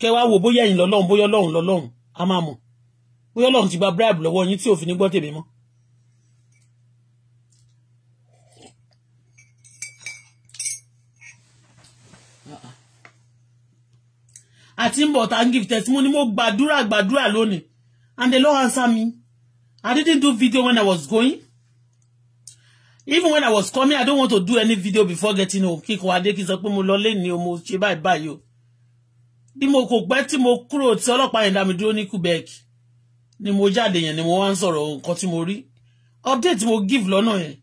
kẹ wá wò bóyá ẹ̀yin lọ́lọ́run bóyá ọlọ́run lọ́lọ́run a máa mọ̀ bóyá ọlọ́run ti gba bribe lọ́wọ́ yín tí òfin ní gbọ́ tèmi mọ́ àti ń bọ̀ tá ń give testimony mo gbàdúrà gbàdúrà lónìí and they don't answer me I didn't do video when I was going even when I was coming I don't want to do any video before getting home kíkọ adé kí n sọ pé mo lọ lẹ́ni o mo ṣe báyìí báyìí o bí mo kò pẹ́ tí mo kúrò tí ọlọ́pàá yẹn dá mi dúró ní Quebec ni mo jáde yẹn ni mo wá ń sọ̀rọ̀ nǹkan tí mo rí update mo give lọ́nà yẹn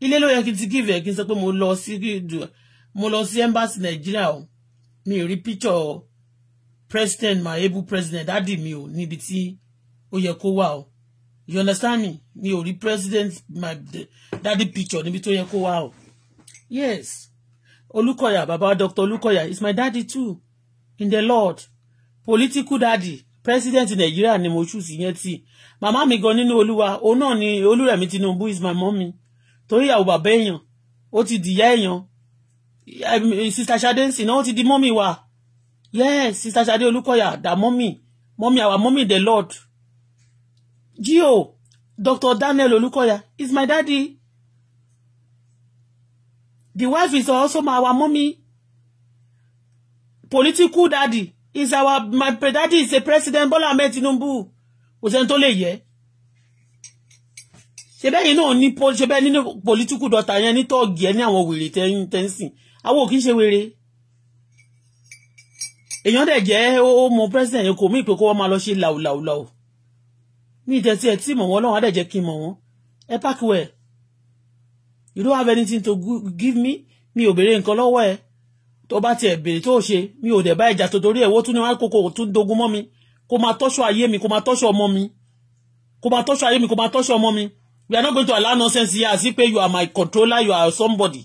ilé ló yẹ kí n ti give yẹn kí n sọ pé mo lọ sí mo lọ sí embassy Nigeria o mi rí picture president my able president dádì mi ò níbi tí ó yẹ kó wà o you understand me mi ò rí president my daddy picture níbi tó yẹ kó wà o yes olùkọ́yà Baba Doctor olùkọ́yà is my daddy too in the lord political daddy president nàìjíríà ni mo ṣùsì yẹn tí màmá mi gan nínú olúwa òun náà ni olúrẹ̀mí tinubu is my mummy torí ìyàwó bàbá èèyàn ó ti dìyà èèyàn Sister sadensi náà ó ti di mommy wa yes sister Ṣadé Olúkọ̀yà that mommy mommy our mommy the lord gio dr daniel Olúkọ̀yà is my daddy the wife is also my our mommy political daddy is our my daddy is a president Bola Ahmed Tinubu kò sẹ́ni tó lè yẹ ṣe bẹ́yìn náà ní ṣe bẹ́ẹ̀ nínú political daughter yẹn ní tọ́ọ̀gì ẹ̀ ní àwọn wèrè tẹ́yìn tẹ́sìn àwọn ò kí ń ṣe wèrè èèyàn dẹ̀ jẹ́ ó mọ president yẹn kò mí ìpè kó wọ́n máa lọ ṣe làwùlàwùlàwù ní ìtẹ̀sí ẹ̀ tí mọ̀ wọ́n lọ́wọ́ á dẹ̀ jẹ́ kí n mọ̀ wọ́n ẹ pákí wẹ̀ you don't have anything to give me mi ò béèrè nǹkan lọ́wọ́ ẹ tó bá tiẹ̀ béèrè tó ṣe mi ò dẹ̀ bá ìjà tó torí ẹ̀ wó tún ní wọn kókó tún dogun mọ́ mi kó máa tọ́ṣọ́ ayé mi kó máa tọ́ṣọ́ ọmọ mi kó máa tọ́ṣọ́ ayé mi kó máa tọ́ṣọ́ ọmọ mi we are not going to allow nonsense here as if you are my controller you are somebody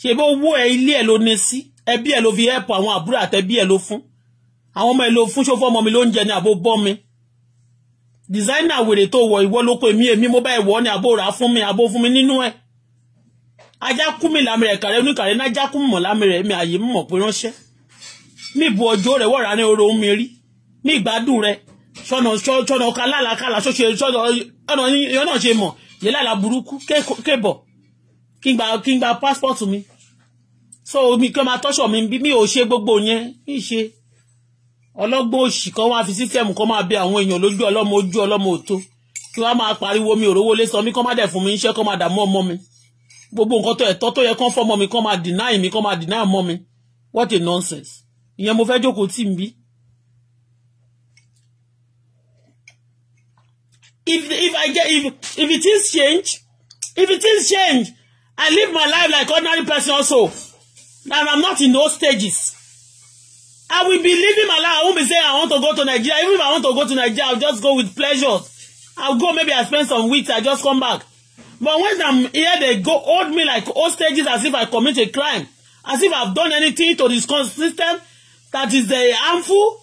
ṣe bó wó ẹ ilé ẹ ló ní sí ẹbí ẹ̀ ló fi ẹ̀pọ̀ àwọn àbúrò àtẹbí ẹ̀ ló fún àwọn ọmọ ẹ̀ ló fún ṣòfò ọmọ mi ló ń jẹ ní àbó bọ́ mi dìsáínà wèrè tó wọ ìwọ ló pè èmi mo bá ìwọ ni àbó rà fún mi àbó fún mi nínú ẹ ajá kú mi lámì rẹ kàrẹ oníkàrẹ náà ajá kú mọ̀ rẹ mi àyè mọ̀ pé ránṣẹ́ mi bu ọjọ́ rẹ wọ̀ra ní oró mi rí mi ìgbádùn rẹ sọnà sọnà ọkà lálàkàlà ṣọṣe sọnà ọ̀nà yọ náà ṣe mọ̀ yẹ lálà burúkú kébọ̀ kí n gba kí n mi so mi kí wọ́n máa tọ́ṣọ̀ mi bí mi ò ṣe gbogbo yẹn mi ṣe ọlọ́gbọ́n òṣì kan wá fi sísẹ́mù kan máa bẹ àwọn èèyàn lójú ọlọ́mọ ojú ọlọ́mọ òtó kí wọ́n máa pariwo mi òrówó lé sọ mi kán má dẹ̀ fún mi iṣẹ́ kán máa dààmú ọmọ mi gbogbo nǹkan tó ẹ̀tọ́ tó yẹ kán fọ́ ọmọ mi kán máa deny mi kán máa deny ọmọ mi what a nonsense ìyẹn mo fẹ́ jókòó tì ń if if I get if if it is change if it is change I live my life like ordinary person also and I'm not in those stages. I will be living my life. I won't be saying I want to go to Nigeria. Even if I want to go to Nigeria, I'll just go with pleasure. I'll go, maybe I spend some weeks, I just come back. But when I'm here, they go hold me like hostages as if I commit a crime, as if I've done anything to this system that is uh, harmful.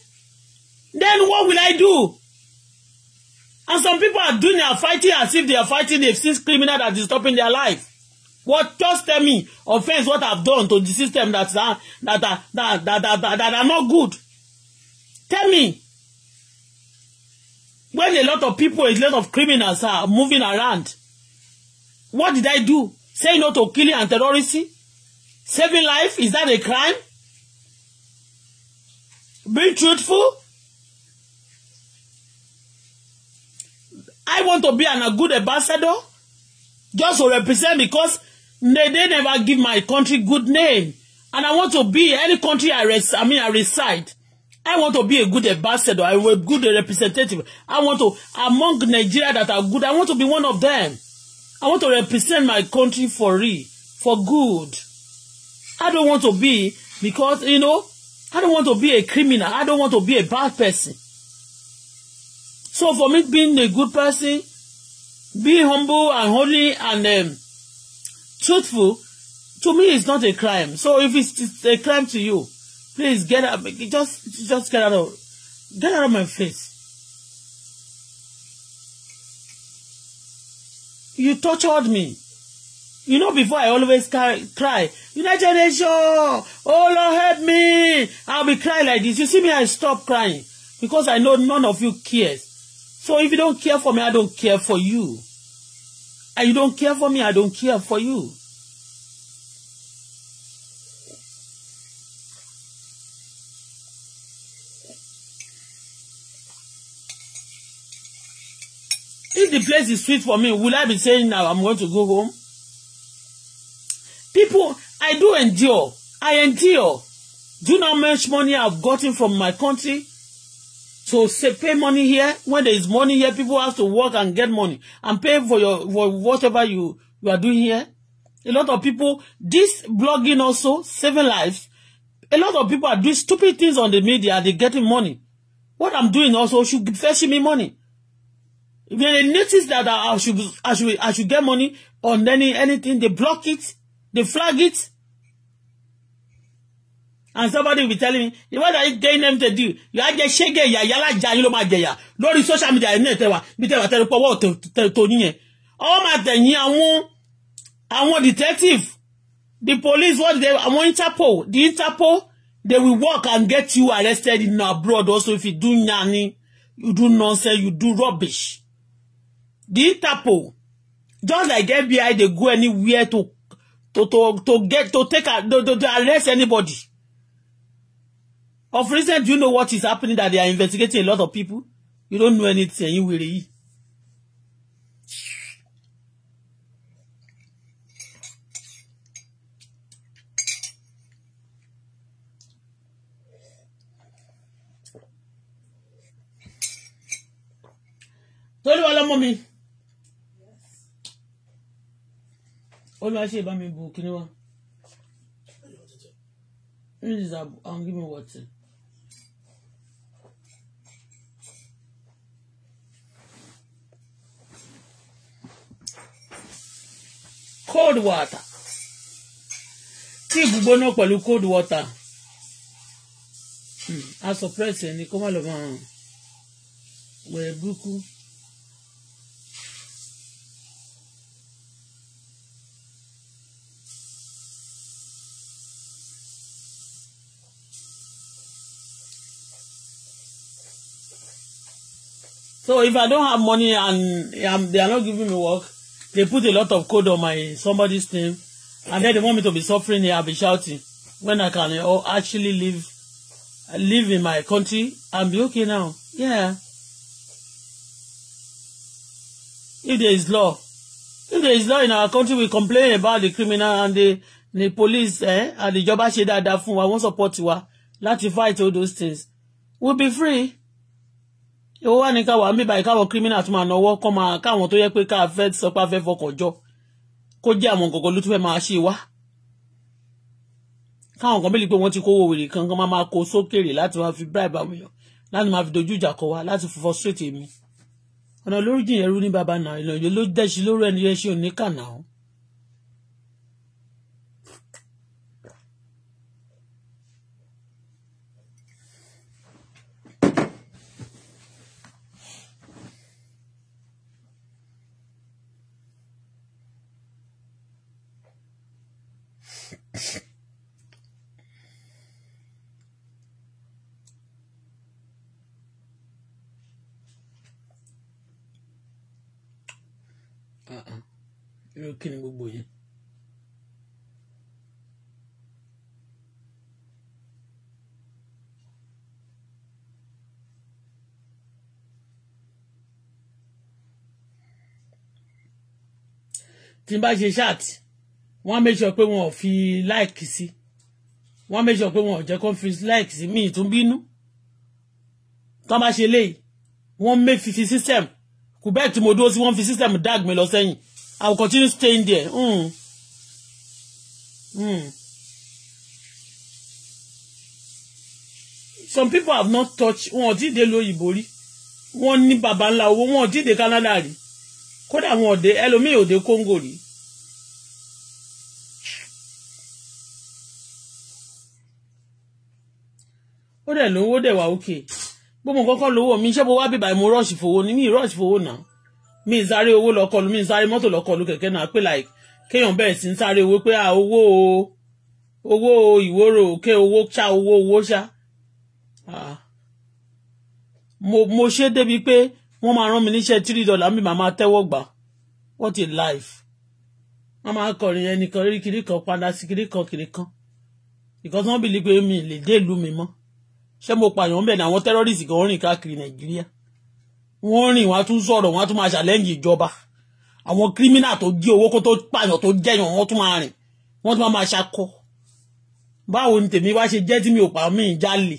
Then what will I do? And some people are doing, they are fighting as if they are fighting a serious criminal that is stopping their life. What just tell me offense what I've done to the system that uh, that that uh, that that that, that, that are not good. Tell me. When a lot of people, a lot of criminals are moving around, what did I do? Say no to killing and terrorism? Saving life, is that a crime? Being truthful? I want to be an, a good ambassador just to represent because They, they never give my country good name. And I want to be any country I res I mean I reside. I want to be a good ambassador, I a good representative. I want to among Nigeria that are good, I want to be one of them. I want to represent my country for real, for good. I don't want to be because you know, I don't want to be a criminal. I don't want to be a bad person. So for me, being a good person, be humble and holy and um, truthful, to me it's not a crime. So if it's, it's a crime to you, please get up, just, just get out of, get out of my face. You tortured me. You know, before I always cry, United Nations, oh Lord help me. I'll be crying like this. You see me, I stop crying because I know none of you cares. So if you don't care for me, I don't care for you. And you don't care for me, I don't care for you. If the place is sweet for me, will I be saying now I'm going to go home? People, I do endure. I endure. Do not know much money I've gotten from my country? So say pay money here. When there is money here, people have to work and get money and pay for your for whatever you, you are doing here. A lot of people, this blogging also, saving lives. A lot of people are doing stupid things on the media. They're getting money. What I'm doing also should fetch me money. If they notice that I should I should I should get money on any anything, they block it, they flag it. And somebody will be telling me, "What are you getting them to do, you are just shaking ẹ̀yà yálà jà yín ló máa jẹ̀yà lórí social media ẹ̀ náà tẹ̀wà bí tẹ̀wà tẹ̀lé pọ̀wọ́ tó níyẹn. Ó máa tẹ̀yìn àwọn àwọn detective, the police, what they àwọn Interpol, the Interpol, they will work and get you arrested in abroad also if you do yanni, you do nonsense, you do rubbish the interpol just like FBI dey go anywhere to to to to get to take to, to, to arrest anybody of recent do you know what is happening that they are investigating a lot of people you don't know anything ẹ̀yin wèrè yìí. torí wọn lọmọ mi. Olúwa ṣe bá mi bu kíní wá. Please, I'm giving water. Cold water. Tí gbígbóná pẹ̀lú cold water. Hmm, A suppress ẹni kó má lọ máa wẹ̀ burúkú. So if I don't have money and I'm, um, they are not giving me work, they put a lot of code on my somebody's name, and then they want me to be suffering here, I'll be shouting when I can or oh, actually live live in my country and be okay now. Yeah. If there is law, if there is law in our country, we complain about the criminal and the the police eh, and the ìjọba ṣe dáadáa for I won't support wa láti fight all those things. We'll be free ó wà ní káwa níbi báyìí káwọn kírímínà tún máa náwó kọ́ máa káwọn tó yẹ pé káà fẹ́ sọ pé a fẹ́ fọkàn jọ kó jẹ́ àwọn gọ̀gọ́ ló tún fẹ́ máa ṣe wá káwọn kan bẹ́ẹ̀ pé wọ́n ti kówó wèrè kan kan máa máa kó sókèrè láti máa fi bribe àwọn èèyàn láti máa fi dojú ìjà kọ wa láti fọfọ straight èmi ọ̀nà lórí jìnyẹn rú ní bàbá náà ìlànà ló dẹ́sí lórí ẹni yẹn ṣe òní kànáà ló kí ni gbogbo yẹn. tí n bá ṣe chat wọ́n make sure pé wọn ò fi like sí wọ́n make sure pé wọn ò jẹ́ kó fi like sí mi ìtún bínú tán bá ṣe léyìí wọ́n make fi system kù bẹ́ẹ̀ tí mo dúró sí wọ́n fi system dag mi lọ sẹ́yìn I will continue staying there. Mm. Mm. Some people have not touched wọn ò tí ì dé lóyìnbó rí wọn ní baba ńlá owó wọn ò tí ì dé Canada rí kódà wọn ò dé ẹlòmíì ò dé Congo rí. ó dẹ̀ lówó dẹ̀ wà òkè gbogbo nǹkan kan lówó mi ṣé mo wá bíbá mo rush fowó ni mi rush fowó now mi sáré owó lọ́kọlù mi sáré mọ́tò lọ́kọlù kẹ̀kẹ́ náà pé like kéèyàn bẹ̀rẹ̀ sí ń sáré owó pé à owó o owó ìwóró òkè owó ṣá owó owó ṣá mo mo ṣe débi pé wọ́n máa rán mi níṣẹ́ three dollar mi màmá tẹ́wọ́ gbà what a life wọ́n máa kọrin ẹnìkan rí kiri kan padà sí kiri kan kiri kan because wọ́n pé mi lè dé ìlú mi mọ́ ṣé mo pààyàn bẹ́ẹ̀ ni àwọn terrorist kan rìn káàkiri nàìjíríà wọ́n rìn wọ́n á tún sọ̀rọ̀ wọ́n á tún máa ṣàlẹ́yìn ìjọba àwọn kírímínà tó jí owó kó tó pààyàn tó jẹyàn wọ́n tún máa rìn wọ́n tún máa ṣakọ báwo ni tèmi wá ṣe jẹ́ tí mi ò pa mí jálè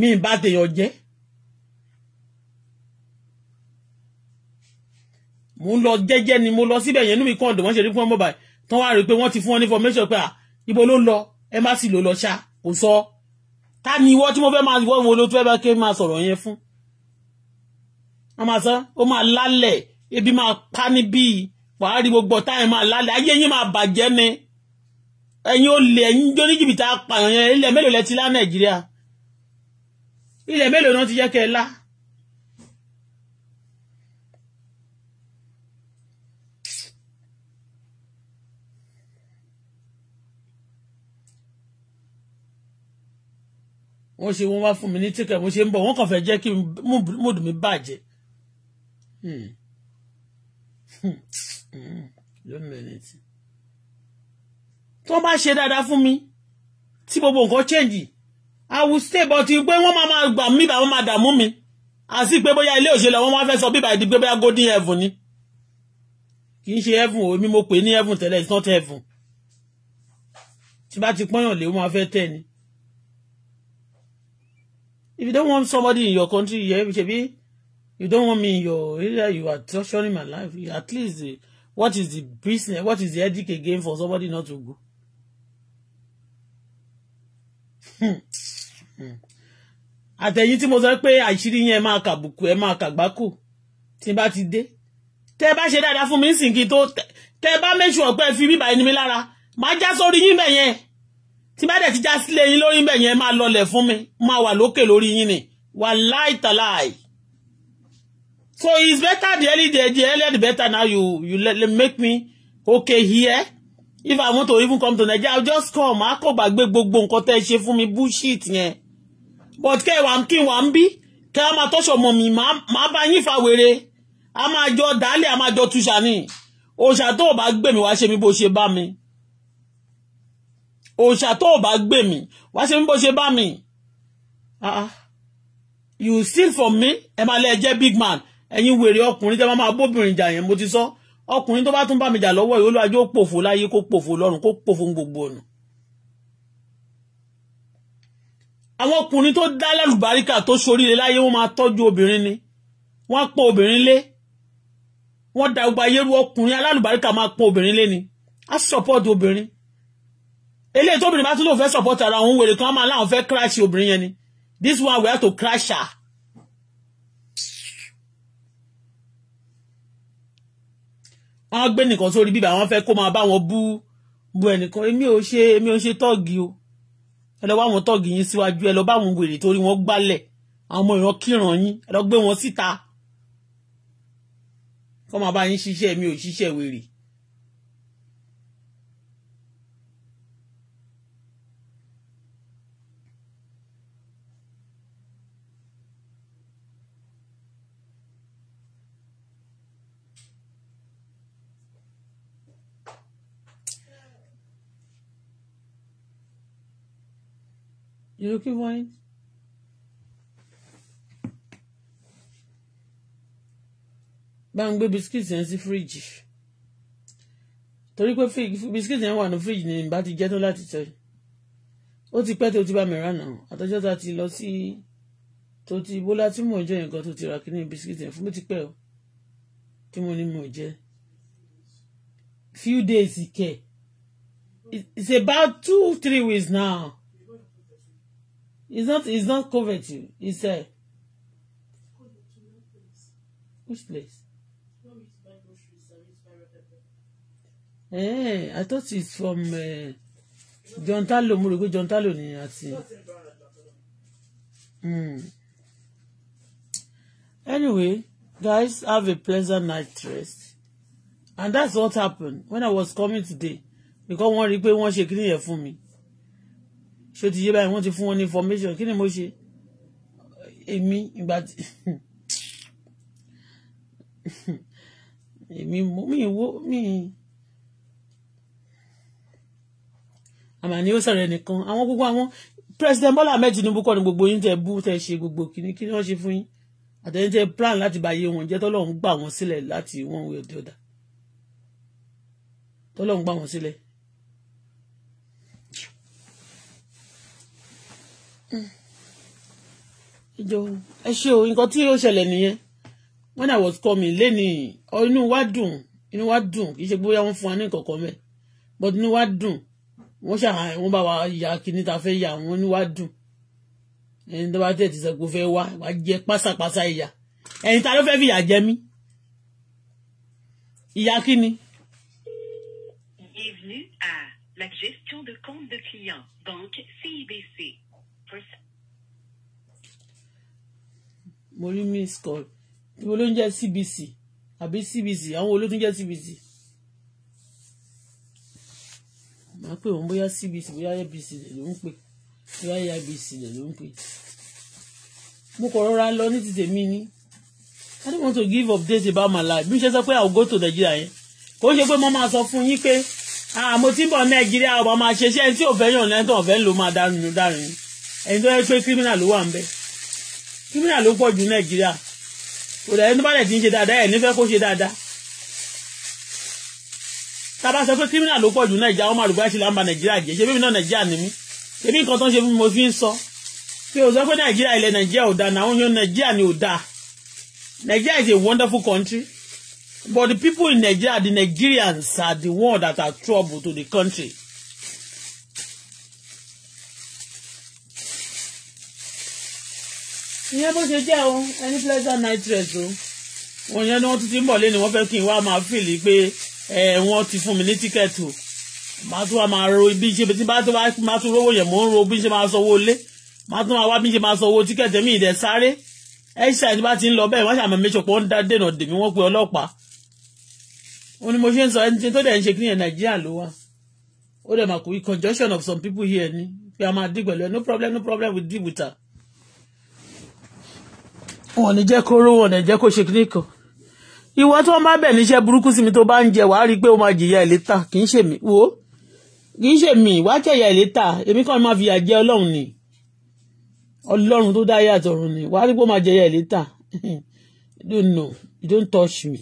mí bá tèèyàn jẹ́ mo ń lọ jẹ́jẹ́ ni mo lọ síbẹ̀ yẹn inú mi kàn dùn wọ́n ṣe rí fún ọmọ báyìí tán wá rí i pé wọ́n ti fún wọn ní information pé à ibo ló lọ ẹ má sì lò lọ ṣá kò sọ ká ní ìwọ tí mo fẹ́ máa wọ́n wo ló tún fẹ́ bá ké máa sọ̀rọ̀ yẹn fún wọ́n máa sọ ó máa lálẹ̀ ebi máa pa níbí wàá rí gbogbo ọ̀tá yẹn máa lálẹ̀ ayé yín máa bàjẹ́ ni ẹ̀yin ó lè ẹ̀yin jó ní jìbìtì apààyàn yẹn ilẹ̀ mélòó lẹ ti lá nàìjíríà ilẹ̀ mélòó náà ti jẹ́ kẹ́ ẹ lá. wọ́n ṣe wọ́n wá fún mi ní tíkẹ̀ mo ṣe ń bọ̀ wọ́n kàn fẹ́ jẹ́ kí mood mi bàjẹ́ Hey. Don't mean it. Tó bá ṣe dáadáa fún mi tí gbogbo nǹkan change I will stay but pé wọ́n máa máa gbà mí bàbá máa dààmú mi àti pé bóyá ilé òṣèlú wọn máa fẹ́ sọ bíbá ìdí pé bóyá golden heaven ni kì í ṣe heaven o mi mo pè ní heaven tẹ́lẹ̀ it's not heaven tí bá ti pọ́nyàn lé wọ́n máa fẹ́ tẹ̀ ni if you don't want somebody in your country yẹ ṣe bí you don't want me in your area you are torturing my life at least eh, what is the business what is the headache again for somebody not to go hmm. Hmm. àtẹ̀yìn tí mo sọ pé àṣírí yẹn máa kàbùkù ẹ máa kàgbákò tí bá ti dé tẹ́ bá ṣe dáadáa fún mi sìn kí tó tẹ́ bá mẹ́sù ọ̀pẹ́ fi bíbá ẹni mi lára máa já sórí yín bẹ̀ yẹn tí bá dẹ̀ ti já sílé yín lórí bẹ̀ yẹn máa lọlẹ̀ fún mi máa wà lókè lórí yín ni wà láìtàláì. So it's better the early the, the earlier the better now you you let, let make me okay here. If I want to even come to Nigeria, I'll just come. I'll come back gbàgbé gbogbo nǹkan tẹ́ She fún me bullshit Yeah. But kẹ́ wà ń kí wà ń bí touch wá mommy? tọ́ṣọ̀ mọ̀ mi màá bá yín fa wèrè. A máa jọ dálẹ̀ a máa jọ túṣà ni. Òòṣà tó o wash me. mí wá ṣe mí bó ṣe bá wash me. tó o bá gbè mí wá ah, ah, you steal from me? Ẹ máa lẹ big man ẹ̀yin wèrè ọkùnrin tẹ́ máa máa bóbìnrin jà yẹn mo ti sọ ọkùnrin tó bá tún bá mi jà lọ́wọ́ yìí olúwàjú ó pòfò láyé kó pòfò lọ́run kó pòfò gbogbo ọ̀nà. àwọn ọkùnrin tó dá lálùbáríkà tó ṣoríire láyé wọ́n máa tọ́jú obìnrin ni wọ́n á pọ̀ obìnrin lé wọ́n da gbogbo ayé ru ọkùnrin alálùbáríkà máa pọ̀ obìnrin lé ni á support obìnrin eléyìí tóbìnrin bá tún lò fẹ́ support ara òun wèrè kan á máa láwọn fẹ́ crash obìnrin yẹn ni this one we have to crash her wọ́n gbé nìkan sórí bíbá wọ́n fẹ́ kó máa bá wọn bú bú ẹnìkan èmi ò ṣe èmi ò ṣe tọ́ọ̀gì o ẹ lọ bá wọn tọ́ọ̀gì yín síwájú ẹ lọ bá wọn wèrè torí wọ́n gbálẹ̀ àwọn ọmọ ìran kíran yín ẹ lọ gbé wọn síta kọ́ máa bá yín ṣiṣẹ́ mi ò ṣiṣẹ́ wèrè irú kí wọ́n yín. Bang, baby biscuits in the fridge. fíríjì torí biscuits, bisikíìtì yẹn wà ní fíríjì ni bá ti jẹ́ tó láti tẹ̀ ó ti pẹ́ tó ti bá mi rà náà àtọ́jọ́ ta ti lọ sí tó ti bólá tí mò ń jẹ nǹkan tó few days kẹ it's about two three weeks now It's not it's not COVID you. It's a which place? Hey, eh, I thought it's from uh, John Talo. Mo rò pé John Talo ni àti. Mm. Anyway, guys, have a pleasant night rest. And that's what happened when I was coming today. Because one rí one shaking here for me ṣé ó ti yé báyìí wọ́n ti fún wọn ní information kí ni mo ṣe èmi ìgbà tí [laughs] èmi mo mi wo mi àmàní ó sọ̀rọ̀ ẹnìkan àwọn gbogbo àwọn president Bọ́lá Ahmed Tinubu kọ́ ni gbogbo yín tẹ́ bú tẹ́ ṣe gbogbo kìíní kí ni wọ́n ṣe fún yín àtẹ̀yìn tẹ́ plan láti bá yé wọn jẹ́ tọ́lọ́run gbà wọ́n sílẹ̀ láti wọ́n wí ọ̀dẹ̀ ọ̀dà tọ́lọ́run gbà wọ́n sílẹ̀. Mm. ìjọ ẹ ṣe o nǹkan tí ó ṣẹlẹ̀ nìyẹn when i was coming lẹ́nìí ọ inú wa dùn inú wa dùn kì í ṣe pé bóyá wọ́n fún wa ní nǹkan kan mẹ́ but inú wa dùn wọ́n ṣàhàn wọ́n bá wa ya kíní ta fẹ́ ya àwọn inú wa dùn ẹni tó bá tẹ̀ ti sọ pé fẹ́ wá wá jẹ pásápásá ìyà ẹ̀yin ta ló fẹ́ fìyà jẹ mí ìyà kíni. Bienvenue à la gestion de compte de client, banque CIBC please. mo rí miss call ibo ló ń jẹ́ CBC àbí CBC àwọn wo ló tún jẹ́ CBC màá pè wọ́n bóyá CBC bóyá ABC lè ló ń pè bóyá ABC lè ló ń pè mo kọ̀ rọra lọ ní ti tèmi ni I don't want to give update about my life bí n ṣe sọ pé I will go to Nigeria yẹn kò ń ṣe pé mo máa sọ fún yín pé ah, mo ti ń bọ̀ Nàìjíríà ọba máa ṣe iṣẹ́ tí ò fẹ́ yàn lẹ́tọ̀ ló máa dárin dárin ẹni tó yẹ pé kírímìnà ló wà ń bẹ kírímìnà ló pọ̀ jù nàìjíríà kò dẹ̀ ẹni bá dẹ̀ ti ń ṣe dáadáa ẹ̀ nífẹ̀ẹ́ kó ṣe dáadáa tá a bá sọ pé kírímìnà ló pọ̀ jù nàìjíríà ọmọ àlùbáyé ṣe là ń ba nàìjíríà jẹ́ ṣe bíbí náà nàìjíríà ni mí ṣebí nǹkan tó ń ṣe fún mi mo fi ń sọ pé o sọ pé nàìjíríà ilẹ̀ nàìjíríà ò dáa náà yóò nàìjíríà ni ò dáa is a wonderful country but the people in Nigeria the Nigerians are the one that are trouble to the country ìyẹn bó ṣe jẹ́ o ẹni pleasant night rest o wọn yẹn ni wọ́n tún ti ń bọ̀ lé ni wọ́n fẹ́ kí n wá máa fìlì pé ẹ wọ́n ti fún mi ní tíkẹ́ẹ̀tì o màá tún wá máa ro bí ṣe tí bá tún wá máa tún rówó yẹn mò ń ro bí ṣe máa sanwó lé màá tún wá bí ṣe máa sanwó tíkẹ́ẹ̀tì mi ìdẹ sáré ẹ̀ṣà tí bá ti ń lọ bẹ́ẹ̀ wọ́n ṣàmọ̀ méjì pọ̀ ń dá dènà dèmí wọ́n pe ọlọ́pàá ó ní mo ṣe ń sọ ẹni tó dẹ̀ ń ṣe kí nìyẹn Nàìjíríà ló wà ó dẹ̀ mà kú conjunction of some people here ni pé a máa dí pẹ̀lú ẹ no problem no problem with deal with her wọn ní jẹ́ kó rówó ọ̀nà ìjẹ́ kó ṣe kíní kan ìwọ tí wọ́n bá bẹ̀ níṣẹ́ burúkú sí mi tó bá ń jẹ wàá rí i pé ó máa jìyà ìlétà kì í ṣe mí wò ó kì í ṣe mí wàá jẹ̀yà ìlétà èmi kàn máa fìyà jẹ ọlọ́run ni ọlọ́run tó dáyé àtọ̀run ni wàá rí pé ó máa jẹ̀yà ìlétà [laughs] you don't know you don't touch me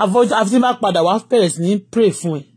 àfi tí n bá padà wàá bẹ̀rẹ̀ sí ní pray fún ẹ